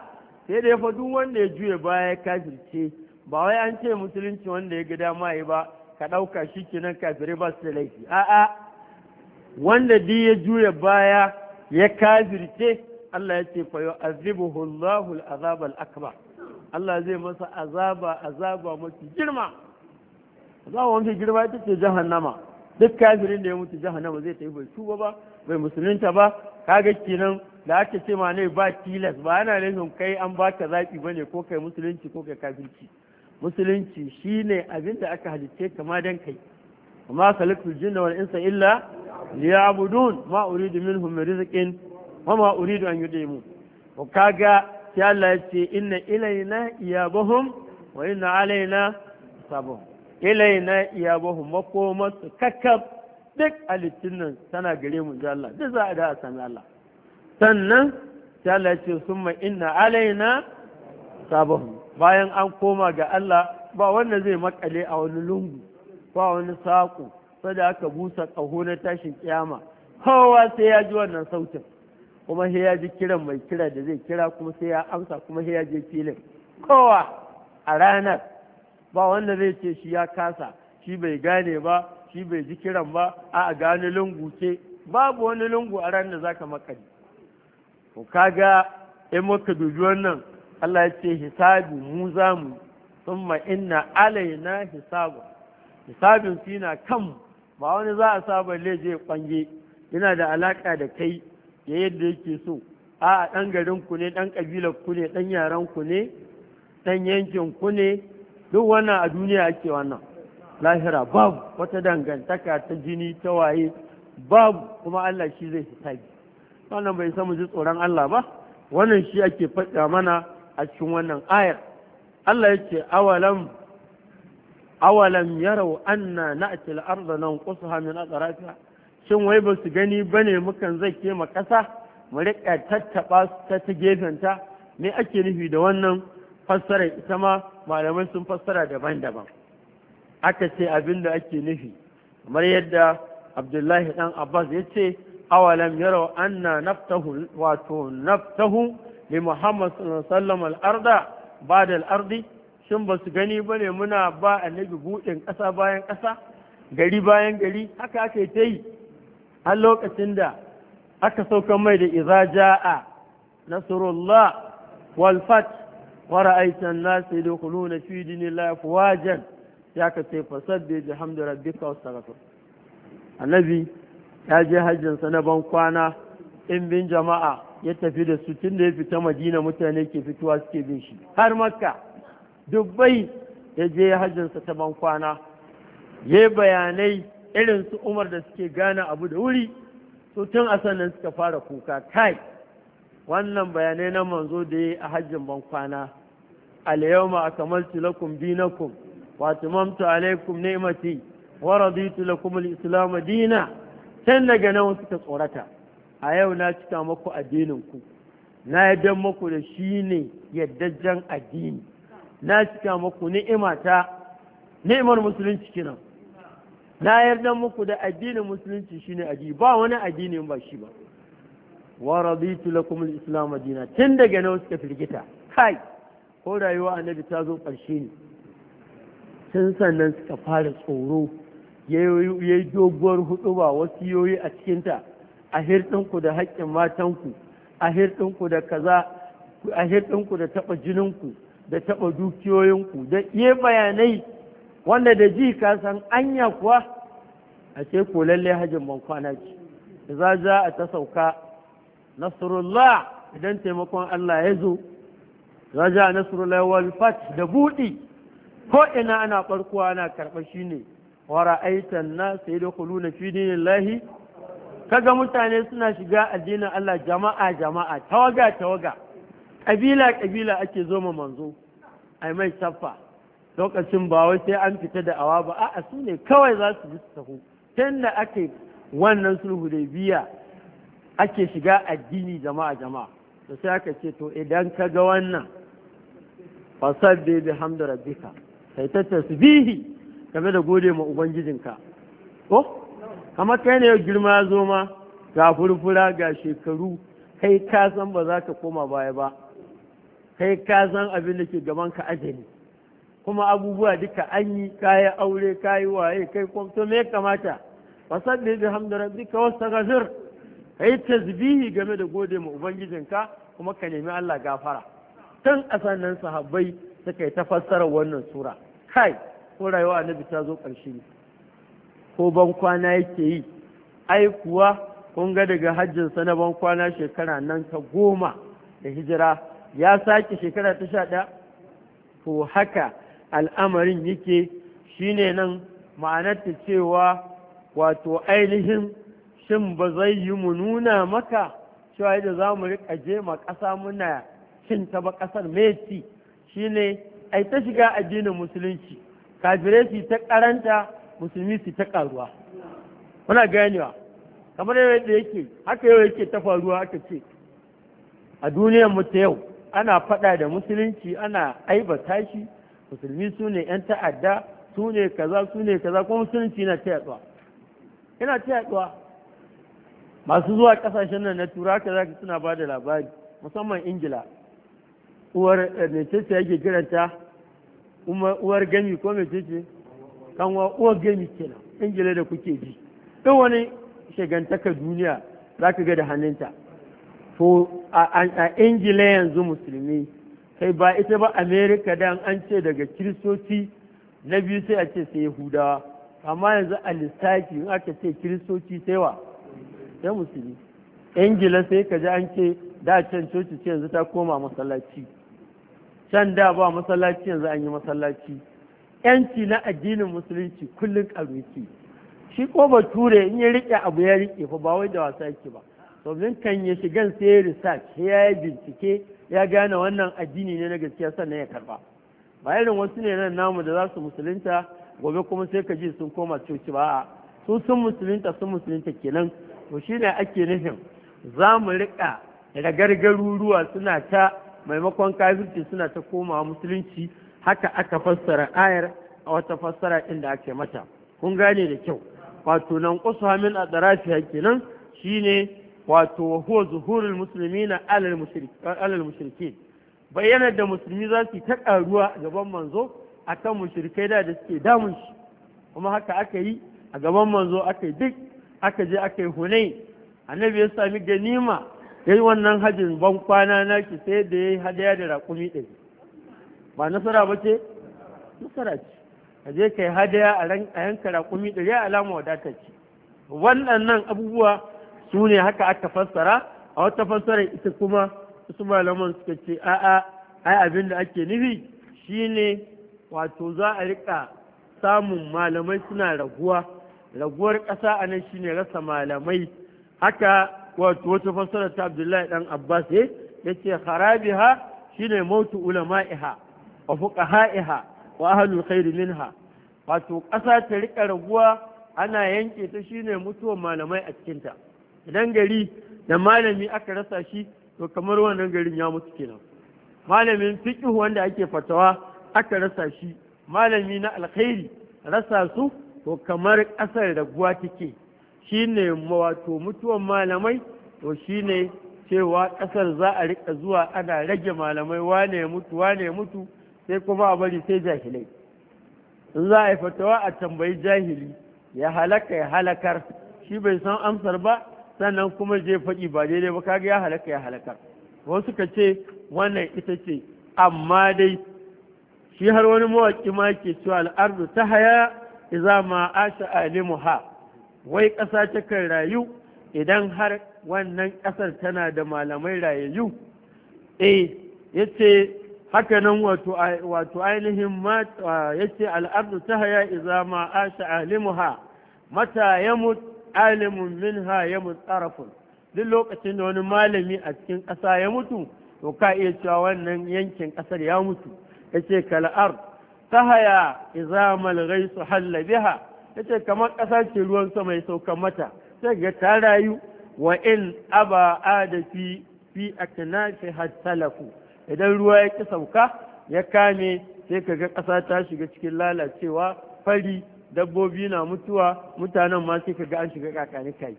sai da fa duk wanda ya juye baya ya kafirce ba wai an ce musulunci wanda ya ga dama yi ba ka ɗauka shi kenan kafire ba su da laifi a'a wanda duk ya juya baya ya kafirce Allah ya ce fa yu'azibuhu Allahu al-azab al-akbar Allah zai masa azaba azaba mafi girma azaba mafi girma ita ce jahannama duk kafirin da ya mutu jahannama zai tafi bai tuba ba bai musulunta ba kaga kenan da aka ce ma ne ba tilas ba ana nufin kai an baka zaɓi bane ko kai musulunci ko kai kafirci musulunci shine abin da aka halicce kama dan kai amma khalaqul jinna wal insa illa liya'budun ma uridu minhum rizqin wama uridu an yudimu ko kaga sai Allah ya ce inna ilaina iyabahum wa inna alaina sabo ilaina iyabahum makoma su kakkab duk halittun nan tana gare mu ji Allah duk za a da a sami Allah sannan sai Allah ya ce summa inna alaina sabuhum bayan an koma ga Allah ba wanda zai makale a wani lungu ba wani saƙo sai da aka busa ƙaho na tashin kiyama kowa sai ya ji wannan sautin kuma sai ya ji kiran mai kira da zai kira kuma sai ya amsa kuma sai ya je filin kowa a ranar ba wanda zai ce shi ya kasa shi bai gane ba shi bai ji kiran ba a gani lungu ce babu wani lungu a ranar da zaka makari to kaga in muka dubi wannan Allah ya ce hisabi mu za mu thumma inna alaina hisabu hisabin su yana kan ba wani za a saba leje kwange yana da alaka da kai ya yadda yake so a ɗan garin ku ne ɗan ƙabilar ku ne ɗan yaran ku ne ɗan yankin ku ne duk wannan a duniya ake wannan lahira babu wata dangantaka ta jini ta waye babu kuma Allah shi zai hisabi wannan bai samu ji tsoron Allah ba wannan shi ake faɗa mana a cikin wannan ayar Allah yake ce awalam awalam yarau anna na'til al-ardha nanqusuha min atrafiha shin wai ba su gani ba ne mukan zake ma ƙasa mu riƙa tattaɓa ta ta gefenta me ake nufi da wannan fassara, ita ma malamai sun fassara daban-daban aka ce abin da ake nufi kamar yadda abdullahi dan abbas ya ce awalam yaro anna naftahu wato naftahu li muhammad sallallahu al'arda ba da al'ardi shin ba su gani ba ne muna ba annabi buɗin ƙasa bayan ƙasa gari bayan gari haka aka yi ta yi har lokacin da aka sauka mai da iza ja'a nasarullah wal wara wa ra'aita an-nas yadkhuluna fi dinillahi afwajan ya ka ce fasabbih bihamdi rabbika wastaghfir annabi ya je hajjin na ban kwana in bin jama'a ya tafi da su tun da ya fita madina mutane ke fitowa suke bin shi har makka dubbai ya je hajjinsa ta ban kwana ya bayanai irin su umar da suke gane abu da wuri su tun a sannan suka fara kuka kai wannan bayanai na manzo da ya a hajjin ban kwana a kamar tilakun binakun wato mamtu alaikum ni'mati wa raditu lakum al-islam dina tun daga nan suka tsorata a yau na cika maku addinin ku na yadda maku da shi shine jan addini na cika maku ni'imata ni'imar musulunci kenan na yarda muku da addinin musulunci shine addini ba wani addini ba shi ba wa raditu lakum alislam islam tun daga nan suka firgita kai ko rayuwa annabi ta zo ƙarshe ne tun sannan suka fara tsoro yayi doguwar huɗuba wasu yoyi a cikinta a hirɗinku da haƙƙin matanku a hirɗinku da kaza a hirɗinku da taɓa jininku da taɓa dukiyoyinku da iya bayanai wanda da ji ka san anya kuwa a ce ko lalle hajjin ban kwana ce za za a ta sauka nasrullah idan taimakon Allah ya zo za za a nasrullah wal fat da buɗi ko ina ana farkuwa ana karba shi ne wa ra'aitan da na fi lahi kaga mutane suna shiga addinin Allah jama'a jama'a tawaga tawaga ƙabila-ƙabila ake zo ma manzo ai mai saffa lokacin ba wai sai an fita da awa ba a'a su ne kawai za su bi su taho tun da ake wannan sulhu da biya ake shiga addini jama'a jama'a da sai aka ce to idan ka ga wannan fasar da bi hamdu rabbika kai ta tasbihi game da gode ma ubangijinka ko kama kai ne girma zoma zo ma ga furfura ga shekaru kai ka san ba za ka koma baya ba kai ka san abin da ke gaban ka ajali kuma abubuwa duka an yi kayan aure kayi waye kai kwamto me kamata fasabbi bi hamdu rabbika wastaghfir kai tasbihi game da gode ma ubangijinka kuma ka nemi Allah gafara tun asannan sahabbai suka yi ta fassara wannan sura kai ko rayuwa annabi ta zo ƙarshe ne ko ban kwana yake yi ai kuwa kun ga daga hajjinsa na ban kwana shekara nan ta goma da hijira ya sake shekara ta sha ɗaya to haka al'amarin yake ne nan ma'anarta cewa wato ainihin shin ba zai yi mu nuna maka cewa yadda za mu riƙa je ma ƙasa muna cin ta ba ƙasar meti shi shine ai ta shiga addinin musulunci kafirai su ta ƙaranta, musulmi su ta ƙaruwa. muna ganewa kamar yadda yake haka yau yake ta faruwa haka ce a duniyar mu ta yau ana faɗa da musulunci ana aibata shi musulmi su ne 'yan ta'adda su ne kaza su ne kaza kuma musulunci na ta yaduwa yana ta yaduwa masu zuwa kasashen nan na tura ka ka suna ba da labari musamman ingila uwar eh, mecece yake kiranta uwar gami ko mecece kanwa uwar gami kenan ingila da kuke ji ɗin wani shagantaka duniya za ka ga da hannunta to a ingila yanzu musulmi kai ba ita ba amerika da an ce daga kiristoci na biyu sai a ce sai yahudawa amma yanzu a lissafi in aka ce kiristoci sai wa sai musulmi ingila sai ka ji an ce da can coci ce yanzu ta koma masallaci can da ba masallaci yanzu an yi masallaci yanci na addinin musulunci kullum karuki shi ko ba ture in ya rike abu ya rike fa ba wai da wasa yake ba domin kan ya shigan sai ya research ya yi bincike ya gane wannan addini ne na gaskiya sannan ya karba ba irin wasu ne nan namu da za su musulunta gobe kuma sai ka ji sun koma coci ba su sun musulunta sun musulunta kenan to shi ne ake nufin za mu riƙa garuruwa suna ta maimakon kafirci suna ta komawa musulunci haka aka fassara ayar a wata fassara inda ake mata kun gane da kyau wato nan kusa min a tsarafiya kenan shine wato wahuwa huwa zuhurul na alal mushrikin bayanar da musulmi za su ta karuwa a gaban manzo akan mushrikai da da suke damun shi kuma haka aka yi a gaban manzo aka yi duk aka je aka yi hunai annabi ya sami ganima ya yi wannan hajjin ban kwana na shi sai da ya yi hadaya da raƙumi ɗari ba nasara ba ce nasara ce a je ka yi hadaya a yanka raƙumi ɗari a alama wadata ce waɗannan abubuwa su ne haka aka fassara a wata fassara ita kuma su malaman suka ce a'a ai abin da ake nufi shine wato za a rika samun malamai suna raguwa raguwar ƙasa a nan shine rasa malamai haka wato wata fassara ta abdullahi dan abbas eh, ya ce harabiha shine mautu ulama'iha wa fuqaha'iha wa ahlul khairi minha wato ƙasa ta rika raguwa ana yanke ta shine mutuwar malamai a cikinta idan gari da malami aka rasa shi to kamar wannan garin ya mutu kenan malamin fiqh wanda ake fatawa aka rasa shi malami na alkhairi rasa su to kamar ƙasar raguwa take shine wato mutuwan malamai to shine cewa ƙasar za a riƙa zuwa ana rage malamai wane ya mutu wane ya mutu sai kuma a bari sai jahilai in za a yi fatawa a tambayi jahili ya halaka ya halakar shi bai san amsar ba sannan kuma je faɗi ba daidai ba kaga ya halaka ya halaka wasu ka ce wannan ita ce amma dai shi har wani mawaƙi ma ke cewa al'ardu ta haya iza ma asha ha. wai ƙasa ta kan rayu idan har wannan ƙasar tana da malamai rayayyu eh Ya haka nan wato ainihin ma ce al'ardu ta haya iza ma asha ha? mata ya mutu. alimun minha ya mutsarafu duk lokacin da wani malami a cikin ƙasa ya mutu to ka iya cewa wannan yankin ƙasar ya mutu ya ce kal'ar ta haya izamal gaisu su biha ya ce kamar ƙasa ce ruwan sama ya sauka mata sai ga ta rayu wa in aba adafi fi aknafi hattalafu idan ruwa ya ki sauka ya kame sai ka ga ƙasa ta shiga cikin lalacewa fari dabbobi na mutuwa mutanen ma sai kaga an shiga kakani kai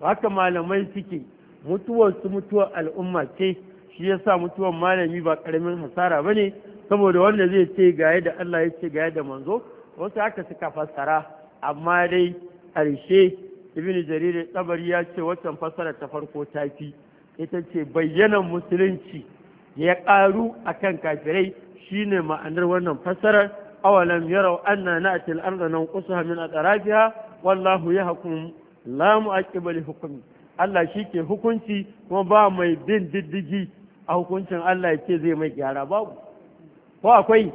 haka malamai suke mutuwar su mutuwar al'umma ce shi yasa mutuwar malami ba karamin hasara bane saboda wanda zai ce ga yadda Allah ya ce ga yadda manzo wasu haka suka fassara amma dai ƙarshe ibn jarir tsabari ya ce waccan fassara ta farko ta fi ita ce bayyanan musulunci ya ƙaru akan kafirai shine ma'anar wannan fassarar أولم يروا أننا نأتي الأرض ننقصها من أطرافها والله يحكم لا مؤكب لحكمه Allah shi ke hukunci kuma ba mai bin diddigi a hukuncin Allah ce zai mai gyara babu ko akwai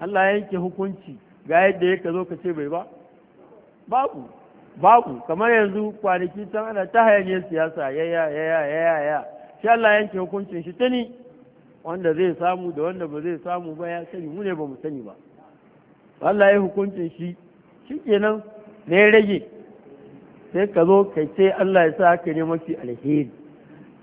Allah yanke hukunci ga yadda yake zo ka ce bai ba babu babu kamar yanzu kwanaki tan ana ta hayaniyar siyasa ya, ya, ya, ya shi Allah yanke hukuncin shi tuni wanda zai samu da wanda ba zai samu ba ya sani mu ne ba mu sani ba Allah ya hukuncin shi shi kenan ne rage sai ka zo ka ce Allah ya sa aka ne mafi alheri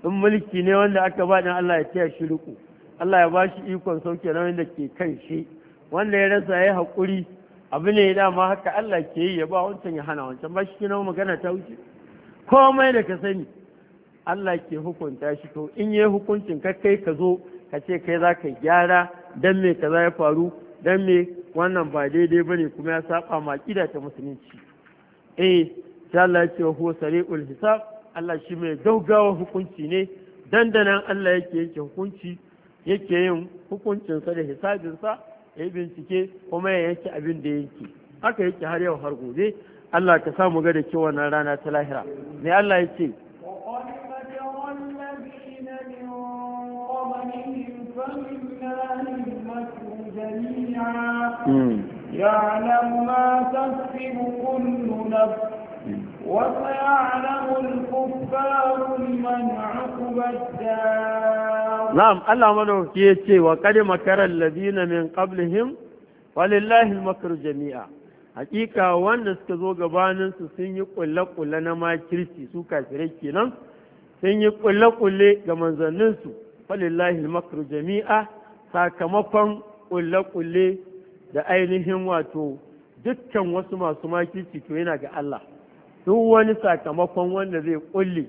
in mulki ne wanda aka ba dan Allah ya ce shi riko Allah ya ba shi ikon sauke na wanda ke kan shi wanda ya rasa ya haƙuri abu ne dama haka Allah ke yi ya ba wancan ya hana wancan ba shi kina magana ta wuce komai da ka sani Allah ke hukunta shi to in yi hukuncin ka kai ka zo ka ce kai za ka gyara dan me kaza ya faru Idan me wannan ba daidai ba ne kuma ya saba ma kida ta musulunci eh sai Allah ya ce wa huwa sari'ul hisab Allah shi mai gaugawa hukunci ne dandanan Allah yake yake hukunci yake yin hukuncinsa da hisabinsa ya yi bincike kuma ya yanke abin da yake haka yake har yau har gobe Allah ka samu ga da kyau rana ta lahira me Allah ya ce يعلم ما تكسب كل نفس وسيعلم الكفار لمن عقب الدار نعم الله ملوك يتي وقد مكر الذين من قبلهم ولله المكر جميعا hakika wanda suka zo gabaninsu sun yi ƙulle-ƙulle na makirci su kafirai kenan sun yi ƙulle-ƙulle ga manzanninsu falillahi makru jami'a sakamakon ƙulle-ƙulle da ainihin wato dukkan wasu masu makirci to yana ga Allah duk wani sakamakon wanda zai ƙulle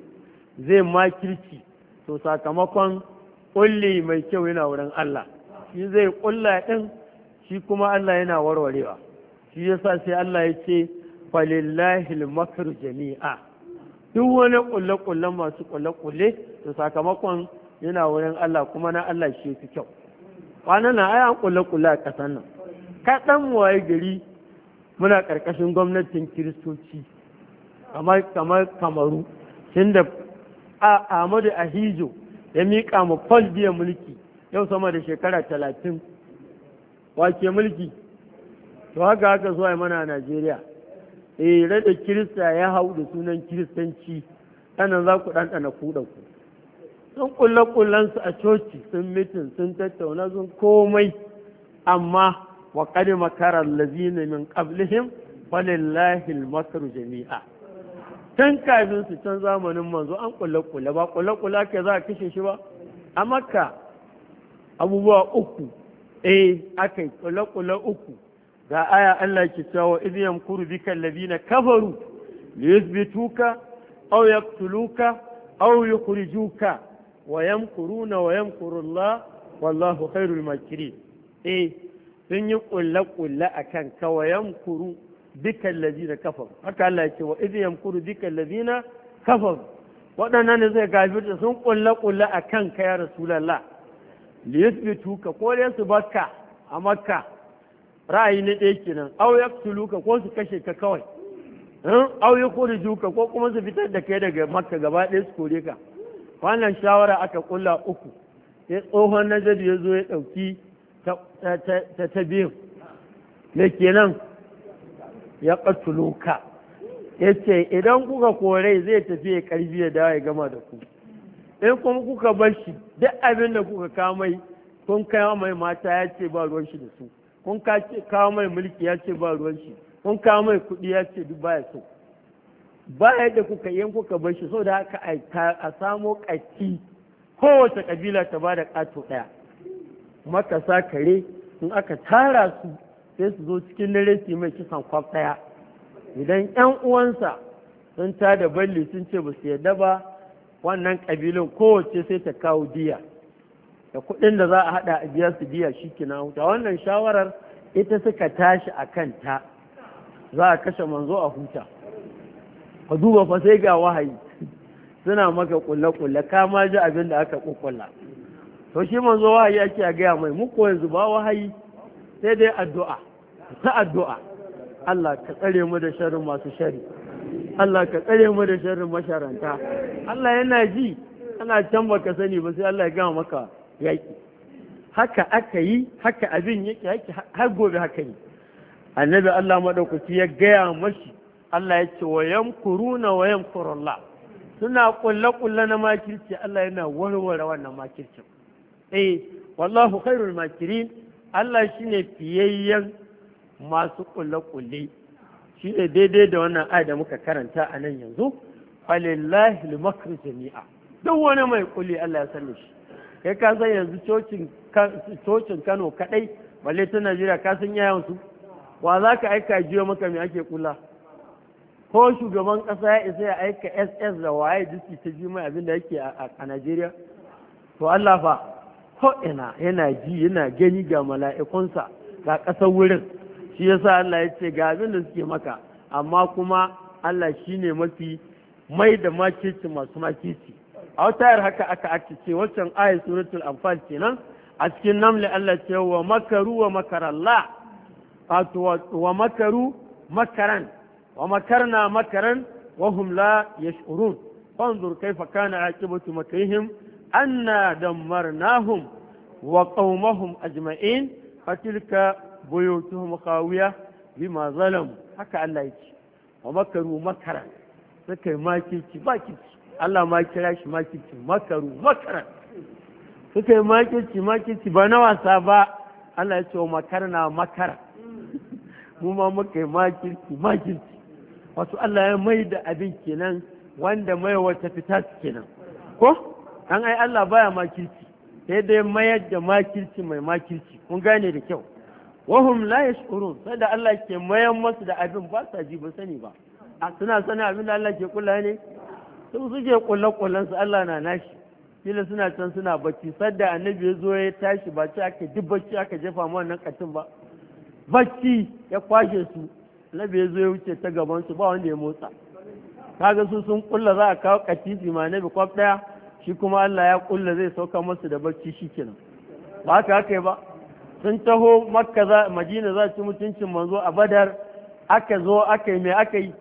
zai makirci to sakamakon ƙulle mai kyau yana wurin Allah shi zai ƙulla ɗin shi kuma Allah yana warwarewa shi yasa sai Allah ya ce falillahil makru jami'a duk wani ƙulle-ƙullen masu ƙulle-ƙulle to sakamakon yana wurin Allah kuma na Allah shi fi kyau kwanan na ayan kule kula-kula a ƙasar nan kaɗan waye gari muna ƙarƙashin gwamnatin kiristoci kamar kamaru tun da ahmadu ahijo ya miƙa ma paul biya mulki yau sama da shekara talatin wake mulki to haka haka zuwa mana a najeriya eh da kirista ya hau da sunan kiristanci sannan za ku ɗanɗana kuɗa ku sun kulle su a coci sun mitin sun tattauna sun komai amma wa kadi makarar lazina min qablihim walillahi makaru jami'a tun kafin su can zamanin manzo an kulle-kulle ba kulle-kulle ke za a kashe shi ba a makka abubuwa uku eh aka yi kulle-kulle uku ga aya Allah ke cewa idh yamkuru bika allazina kafaru liyuthbituka aw yaqtuluka aw yukhrijuka wa na wa wallahu khairul makirin eh sun yi kulle kulle akan ka wa yamkuru dukkan kafar haka Allah ya ce wa idh yamkuru lazina kafar waɗannan ne zai gafirta sun kulle kulle akan ka ya rasulullah li yuthbitu ka ko dai su baka a makka ra'ayi na ɗaya kenan aw ka ko su kashe ka kawai aw duka ko kuma su fitar da kai daga makka gaba ɗaya su kore ka wannan shawara aka kulla uku sai tsohon nazari ya zo ya ɗauki ta ta biyu me kenan ya ƙatulu ka ya ce idan kuka kore zai tafi ya ƙarfi ya dawo ya gama da ku in kuma kuka bar shi duk abin da kuka mai, kun kawo mai mata ya ce ba ruwan shi da su kun kawo mai mulki ya ce ba ruwan shi kun kawo mai kuɗi ya ce duk baya so ba yadda kuka yin kuka bar shi so da haka a samo kaci kowace ƙabila ta ba da ƙato ɗaya makasa kare in aka tara su sai su zo cikin dare su mai kisan kwaf ɗaya idan 'yan uwansa sun ta da balli sun ce ba su yarda ba wannan ƙabilun kowace sai ta kawo diya da kuɗin da za a haɗa a biya su diya shi kina huta wannan shawarar ita suka tashi a kanta za a kashe manzo a huta ka duba fa sai ga wahayi suna maka kulle-kulle kama ma ji abin da aka kukulla to shi manzo wahayi ake a gaya mai muku yanzu ba wahayi sai dai addu'a ta addu'a Allah ka tsare mu da sharrin masu shari Allah ka tsare mu da sharrin masharanta Allah yana ji ana can baka sani ba sai Allah ya gama maka yaki haka aka yi haka abin yake har gobe haka ne annabi Allah madaukaki ya gaya mashi Allah ya ce wa na wa kurulla suna kulle kulle na makirci Allah yana warware wannan makircin eh wallahu khairul makirin Allah shine fiyayyen masu kulle kulle shi ne daidai da wannan ayi da muka karanta a nan yanzu falillahi al jami'a duk wani mai kulle Allah ya sani shi kai ka san yanzu cocin Kano kadai balle ta Najeriya ka san yayan su wa zaka aika jiyo maka me ake kula ko shugaban kasa ya isa ya aika ss da waye duki ta ji mai abin da yake a najeriya to allah fa ko ina yana ji yana gani ga mala'ikunsa ga ƙasar wurin shi yasa allah ya ce ga abin da suke maka amma kuma allah shi ne mafi mai da makici masu makici a wata yar haka aka ake ce waccan aya suratul anfal kenan a cikin namli Allah ce wa makaru wa makarallah wato wa makaru makaran ومكرنا مكرا وهم لا يشعرون فانظر كيف كان عاقبة مكرهم أنا دمرناهم وقومهم أجمعين فتلك بيوتهم خاوية بما ظلموا حكى الله يجي ومكروا مكرا سكي ما كيتي ما كيتي الله ما kira shi makirci مكروا مكرا suka yi makirci makirci ba na سابا ba Allah ya ce wa makarna makara mu ma muka yi makirci makirci wato Allah ya mai da abin kenan wanda mai wata fita kenan ko an ai Allah baya makirci sai dai mayar da makirci mai makirci kun gane da kyau wahum la yashkurun sai da Allah ke mayar masu da abin ba sa ji ba sani ba a suna sani abin da Allah ke kula ne sun suke kule kullen su Allah na nashi kila suna can suna bacci sadda annabi ya zo ya tashi ba ce aka duk bacci aka jefa mu wannan katin ba bacci ya kwashe su annabi ya zo ya wuce ta gaban su ba wanda ya motsa kaga su sun kulla za a kawo katifi ma annabi kwaf daya shi kuma Allah ya kulla zai sauka masu da barci shi kenan. ba haka haka ba sun taho makka za madina za ci mutuncin manzo a badar aka zo aka yi mai aka yi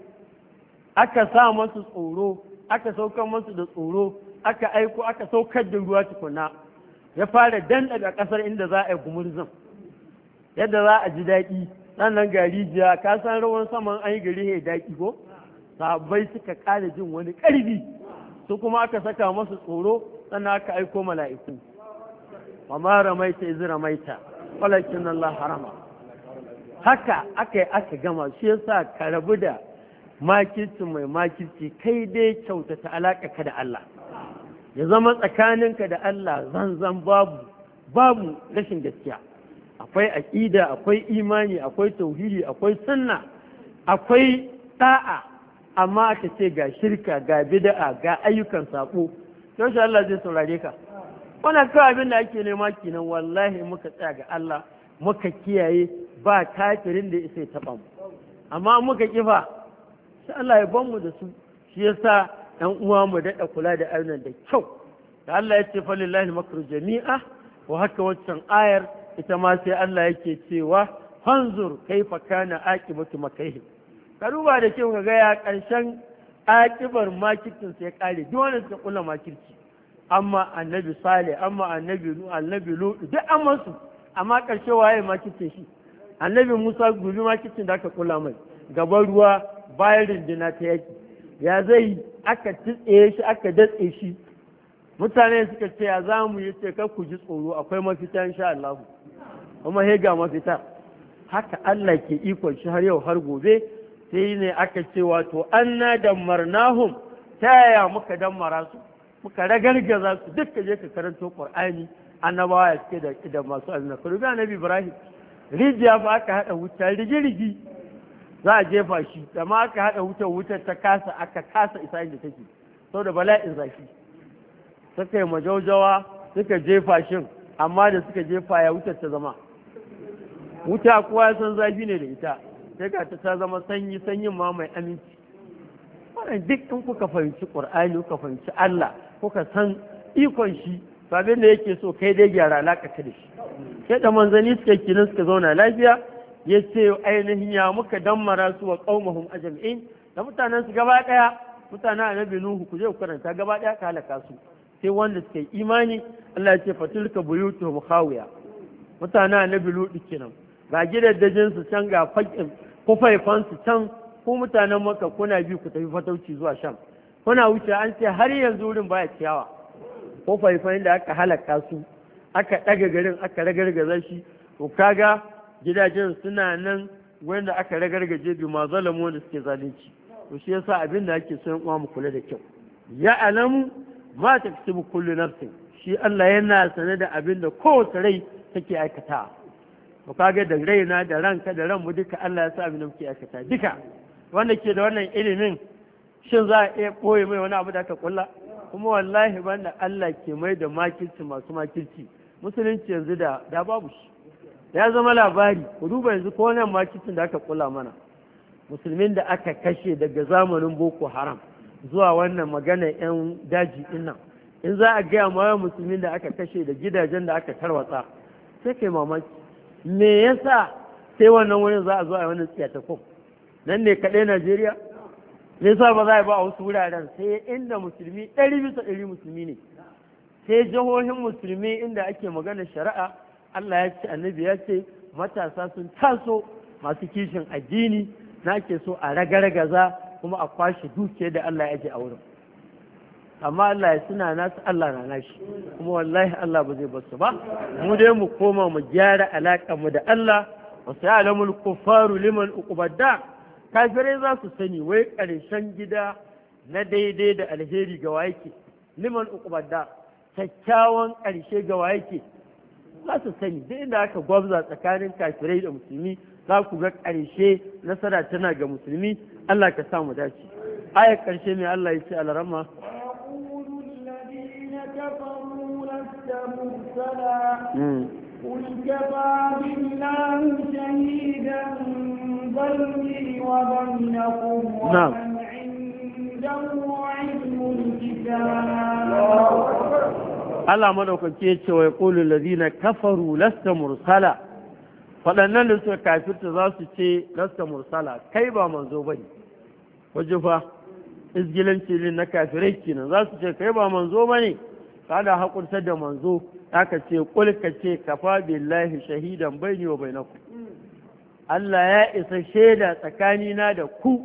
aka sa masu tsoro aka sauka masu da tsoro aka aiko aka saukar da ruwa tukuna ya fara dan daga kasar inda za a yi gumurzin yadda za a ji daɗi sannan gari jiya ka san rawan saman an yi gari ya daƙi ko sabai suka ƙara jin wani ƙarfi su kuma aka saka masu tsoro sannan aka aiko mala'iku ma ramaita iz ramaita walakin Allah harama haka aka aka gama shi yasa ka rabu da makirci mai makirci kai dai kyautata alaƙa ka da Allah ya zama tsakaninka da Allah zanzan babu babu rashin gaskiya akwai aƙida akwai imani akwai tauhidi akwai sunna akwai da'a amma aka ce ga shirka ga bida'a ga ayyukan saƙo yaushe Allah zai saurare ka wannan kawai abin da ake nema kenan wallahi muka tsaya ga Allah muka kiyaye ba kafirin da isa taɓa mu amma muka kifa sai Allah ya da su shi yasa ɗan uwa mu daɗa kula da ayyukan da kyau da Allah ya ce fa lillahi makru jami'a wa haka wancan ayar ita ma sai Allah yake cewa kai fa kana aqibatu makaihim ka duba da kyau ga ya karshen aqibar makircin sai kare duk wanda kula makirci amma annabi salih amma annabi nu annabi lu duk amma su amma karshe waye makircin shi annabi musa gubi makircin da aka kula mai gaban ruwa bayan rindina ta yaki ya zai aka tsitse shi aka datse shi mutane suka ce ya za mu yi ce kar ku ji tsoro akwai mafita insha Allah kuma he ga mafita haka Allah ke ikon shi har yau har gobe sai ne aka ce wato anna dammarnahum ta yaya muka dammara su muka ragargaza su duka je ka karanto qur'ani annabawa ya ce da da masu azna ku rubi annabi ibrahim rijiya ba aka hada wuta rigirigi za a jefa shi amma aka hada wutar wutar ta kasa aka kasa isa inda take saboda bala'in zafi suka yi majaujawa suka jefa shin amma da suka jefa ya wutar ta zama wuta kuwa san zafi ne da ita sai ga ta zama sanyi sanyin ma mai aminci wannan duk in kuka fahimci qur'ani kuka fahimci Allah kuka san ikon shi ba bin da yake so kai dai gyara alaka ka da shi sai da manzani suka kina suka zauna lafiya ya ce ainihin ya muka dammara su wa qaumahum ajma'in da mutanen su gaba daya mutanen annabi nuhu ku je ku karanta gaba daya ka halaka su sai wanda suka yi imani Allah ya ce fatilka buyutuhum khawiya mutanen annabi lutu kenan Ba gidajen su can ga su can ku mutanen maka kuna bi ku tafi fatauci zuwa sham kuna wuce an ce har yanzu wurin baya ciyawa kufaifan da aka halaka su aka ɗaga garin aka ragargaza shi to kaga gidajen suna nan wanda aka ragargaje bi ma zalamu wanda suke zalunci to shi yasa abin da ake son uwa mu kula da kyau ya alamu ma mu kullu nafsin shi Allah yana sane da abin da kowace rai take aikata mu ga da raina da ranka da ranmu duka Allah ya sa mu nufi aikata duka wanda ke da wannan ilimin shin za a iya ɓoye mai wani abu da aka kulla kuma wallahi banda Allah ke mai da makirci masu makirci musulunci yanzu da da babu shi ya zama labari ku duba yanzu ko nan makircin da aka kula mana musulmin da aka kashe daga zamanin boko haram zuwa wannan magana yan daji din in za a gaya ma musulmin da aka kashe da gidajen da aka tarwatsa sai kai mamaki me yasa sai wannan wurin za a zo a yi wannan ko nan ne kaɗai najeriya me yasa ba za a yi ba a wasu wuraren sai inda musulmi ɗari bisa ɗari musulmi ne sai jihohin musulmi inda ake magana shari'a allah ya ce annabi ya ce matasa sun taso masu kishin addini na ke so a ragargaza kuma a kwashe dukiyar da allah ya ji a wurin amma Allah ya suna nasu Allah na nashi kuma wallahi Allah ba zai basu ba mu dai mu koma mu gyara alaƙa mu da Allah wa sa'alamul kufaru liman uqubadda kafirai za su sani wai ƙarshen gida na daidai da alheri ga wayake liman uqubadda kyakkyawan ƙarshe ga wayake za su sani duk inda aka gwabza tsakanin kafirai da musulmi za ku ga ƙarshe nasara tana ga musulmi Allah ka sa mu dace ayar ƙarshe mai Allah ya ce alarama كفروا لست مرسلا قل كفى بالله شهيدا بيني وبينكم نعم ومن عنده علم الكتاب Allah madaukake ya ce wa yaqulu allazina kafaru lasta mursala faɗannan da suka kafirta za su ce lasta mursala kai ba manzo ne? waje fa izgilanci ne na kafirai kenan za su ce kai ba manzo ne? kana hakurtar da manzo aka ce kulka ce kafa billahi shahidan baini wa bainakum Allah ya isa shaida tsakanina da ku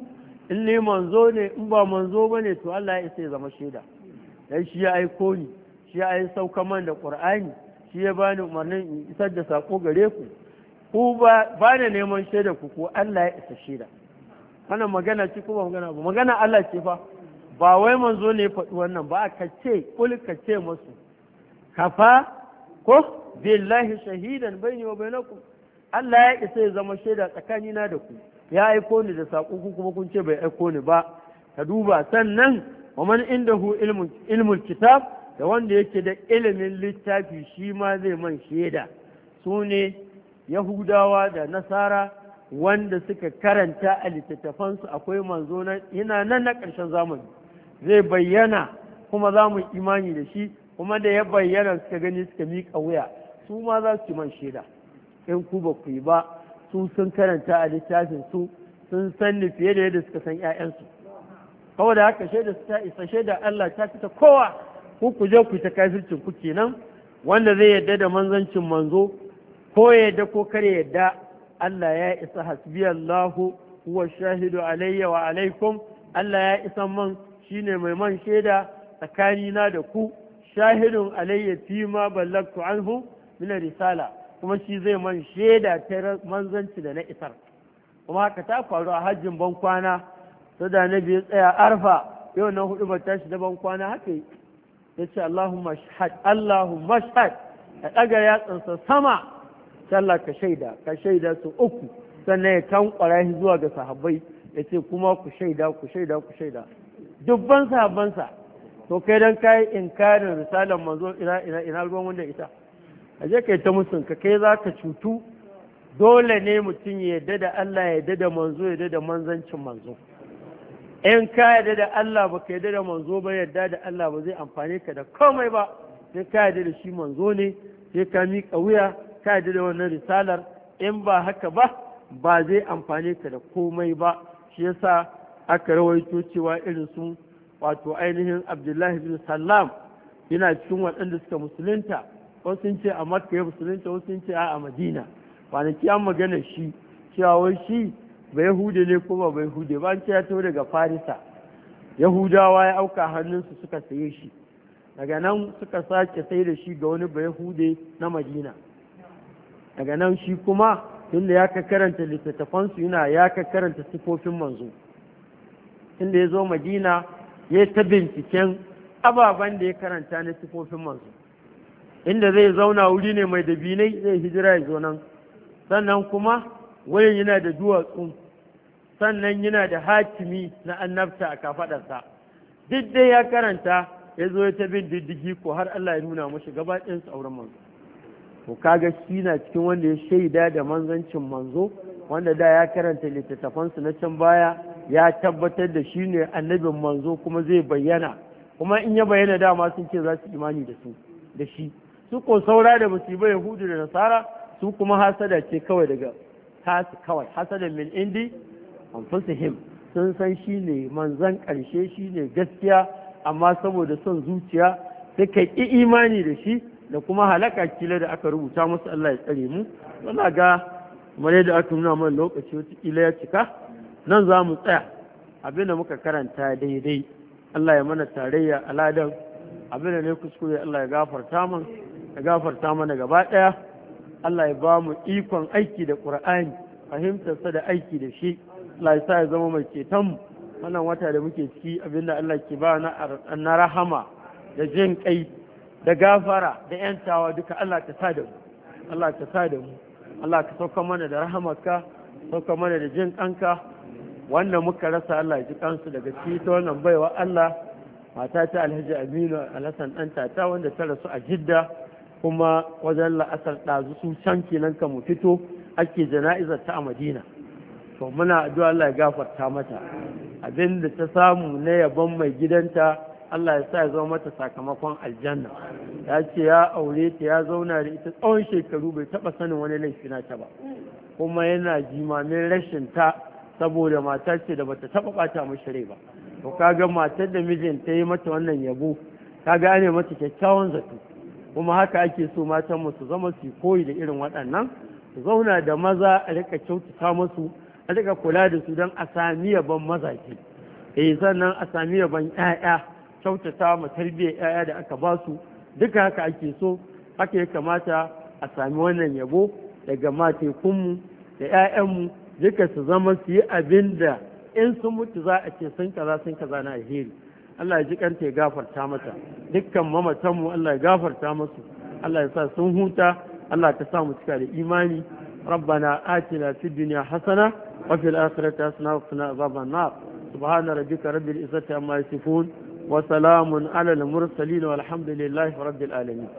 in ne manzo ne in ba manzo bane to Allah ya isa ya zama shaida dan shi ya aiko ni shi ya yi sauka man da Qur'ani shi ya bani umarnin in isar da sako gare ku ku ba ba neman shaida ku ko Allah ya isa shaida wannan magana ce ko magana ba magana Allah ce fa ba wai manzo ne faɗi wannan ba ka ce kul ka ce musu kafa ko billahi shahidan baini wa bainakum Allah ya isa ya zama shaida tsakanina da ku ya aiko ni da saƙo ku kuma kun ce bai aiko ni ba ka duba sannan wa man indahu ilmul kitab da wanda yake da ilimin littafi shi ma zai man shaida su ne yahudawa da nasara wanda suka karanta a littattafansu akwai manzo ina nan na ƙarshen zamani zai bayyana kuma za mu imani da shi kuma da ya bayyana suka gani suka miƙa wuya su ma za su man shaida in ku ba ku yi ba su sun karanta a littafin su sun sanni fiye da yadda suka san 'ya'yansu kawai da haka shaida su ta isa shaida Allah ta fita kowa ku ku je ku ta kafircin ku kenan wanda zai yadda da manzancin manzo ko yadda ko kare yadda Allah ya isa hasbiyallahu huwa shahidu alayya wa alaikum Allah ya isa man shine mai man shaida na da ku shahidun alayya fi ma ballagtu anhu min risala kuma shi zai man shaida ta manzanci da na isar kuma haka ta faru a hajjin ban kwana da na biyu tsaya arfa yau na hudu ba tashi da ban kwana haka ya ce Allahumma shahad Allahumma shahad ya daga yatsansa sama sallah ka shaida ka shaida su uku sannan ya kan shi zuwa ga sahabbai yace kuma ku shaida ku shaida ku shaida dubban sahabbansa to kai dan kai inkarin risalar manzo ina ina ina ruwan wanda ita aje kai ta musun ka kai zaka cutu dole ne mutum ya yadda da Allah ya yadda da manzo ya yadda da manzancin manzo in ka yadda da Allah ba ka yadda da manzo ba yadda da Allah ba zai amfane ka da komai ba sai ka yadda da shi manzo ne sai ka miƙa wuya ka yadda da wannan risalar in ba haka ba ba zai amfane ka da komai ba shi yasa aka rawaito cewa irin su wato ainihin abdullahi bin salam yana cikin waɗanda suka musulunta wasu sun ce a makka ya musulunta wasu sun ce a madina kwanaki an magana shi cewa wai shi ba hude ne kuma ba ba hude. ba an ce ya taho daga farisa yahudawa ya auka hannunsu suka saye shi daga nan suka sake sai da shi ga wani ba hude na madina daga nan shi kuma tunda ya ka karanta littattafansu yana ya ka karanta sifofin manzo tunda ya zo madina ya ta binciken ababen da ya karanta na sifofin manzo inda zai zauna wuri ne mai dabinai zai hijira ya zo nan sannan kuma wayan yana da duwatsu sannan yana da hatimi na annabta a kafaɗarsa duk dai ya karanta ya zo ya ta bin diddigi ko har Allah ya nuna mashi gaba ɗin sauran manzo to kaga shi na cikin wanda ya shaida da manzancin manzo wanda da ya karanta littattafansu na can baya ya tabbatar da shi ne annabin manzo kuma zai bayyana kuma in ya bayyana dama sun ce za su imani da su da shi su ko saura da musibai yahudu da nasara su kuma hasada ce kawai daga tasu kawai hasada min indi anfusihim sun san shi ne manzan ƙarshe shi ne gaskiya amma saboda son zuciya ka yi imani da shi da kuma halaka kila da aka rubuta musu Allah ya tsare mu wannan ga kamar yadda aka nuna mana lokaci wata kila ya cika nan za mu tsaya abinda muka karanta daidai Allah ya mana tarayya aladan Ladan. Abinda ne kuskure Allah ya gafarta mun ya gafarta mana gaba daya Allah ya ba mu ikon aiki da ƙur'ani sa da aiki da shi Allah ya sa ya zama mai ceton wannan wata da muke ciki abinda Allah ke ba na rahama da jin kai da gafara da yantawa duka Allah ta sa da mu Allah ta sa da mu Allah ka sauka mana da rahamarka sauka mana da jin kanka Wannan muka rasa Allah ji kansu daga cito wannan baiwa Allah mata ta alhaji aminu alhassan dan tata wanda ta rasu a jidda kuma wajen la'asar ɗazu su can kenan ka mu fito ake jana'izar ta a madina to muna addu'a Allah ya gafarta mata abinda ta samu na yabon mai gidanta Allah ya sa ya zama mata sakamakon aljanna ya ce ya aure ta ya zauna da ita tsawon shekaru bai taɓa sanin wani laifi na ta ba kuma yana jimamin rashin ta saboda mata ce da bata taba bata mishi rai ba to kaga matar da mijin ta yi mata wannan yabo ka gane mata kyakkyawan zato kuma haka ake so matan mu su zama su koyi da irin waɗannan su zauna da maza a rika kyautata musu a rika kula da su don a sami yaban mazaje eh sannan a sami yaban ƴaƴa kyautata ma tarbiyyar ƴaƴa da aka ba su duka haka ake so haka ya kamata a sami wannan yabo daga matekunmu da 'ya'yanmu duka su zama su yi abin da in sun mutu za a ce sun kaza sun kaza na alheri Allah ya ji kanta ya gafarta mata dukkan mamatanmu Allah ya gafarta musu Allah ya sa sun huta Allah ta sa mu cika da imani ربنا آتنا في الدنيا حسنة وفي الآخرة حسنة وقنا عذاب النار سبحان ربك رب العزة عما يصفون وسلام على المرسلين والحمد لله رب العالمين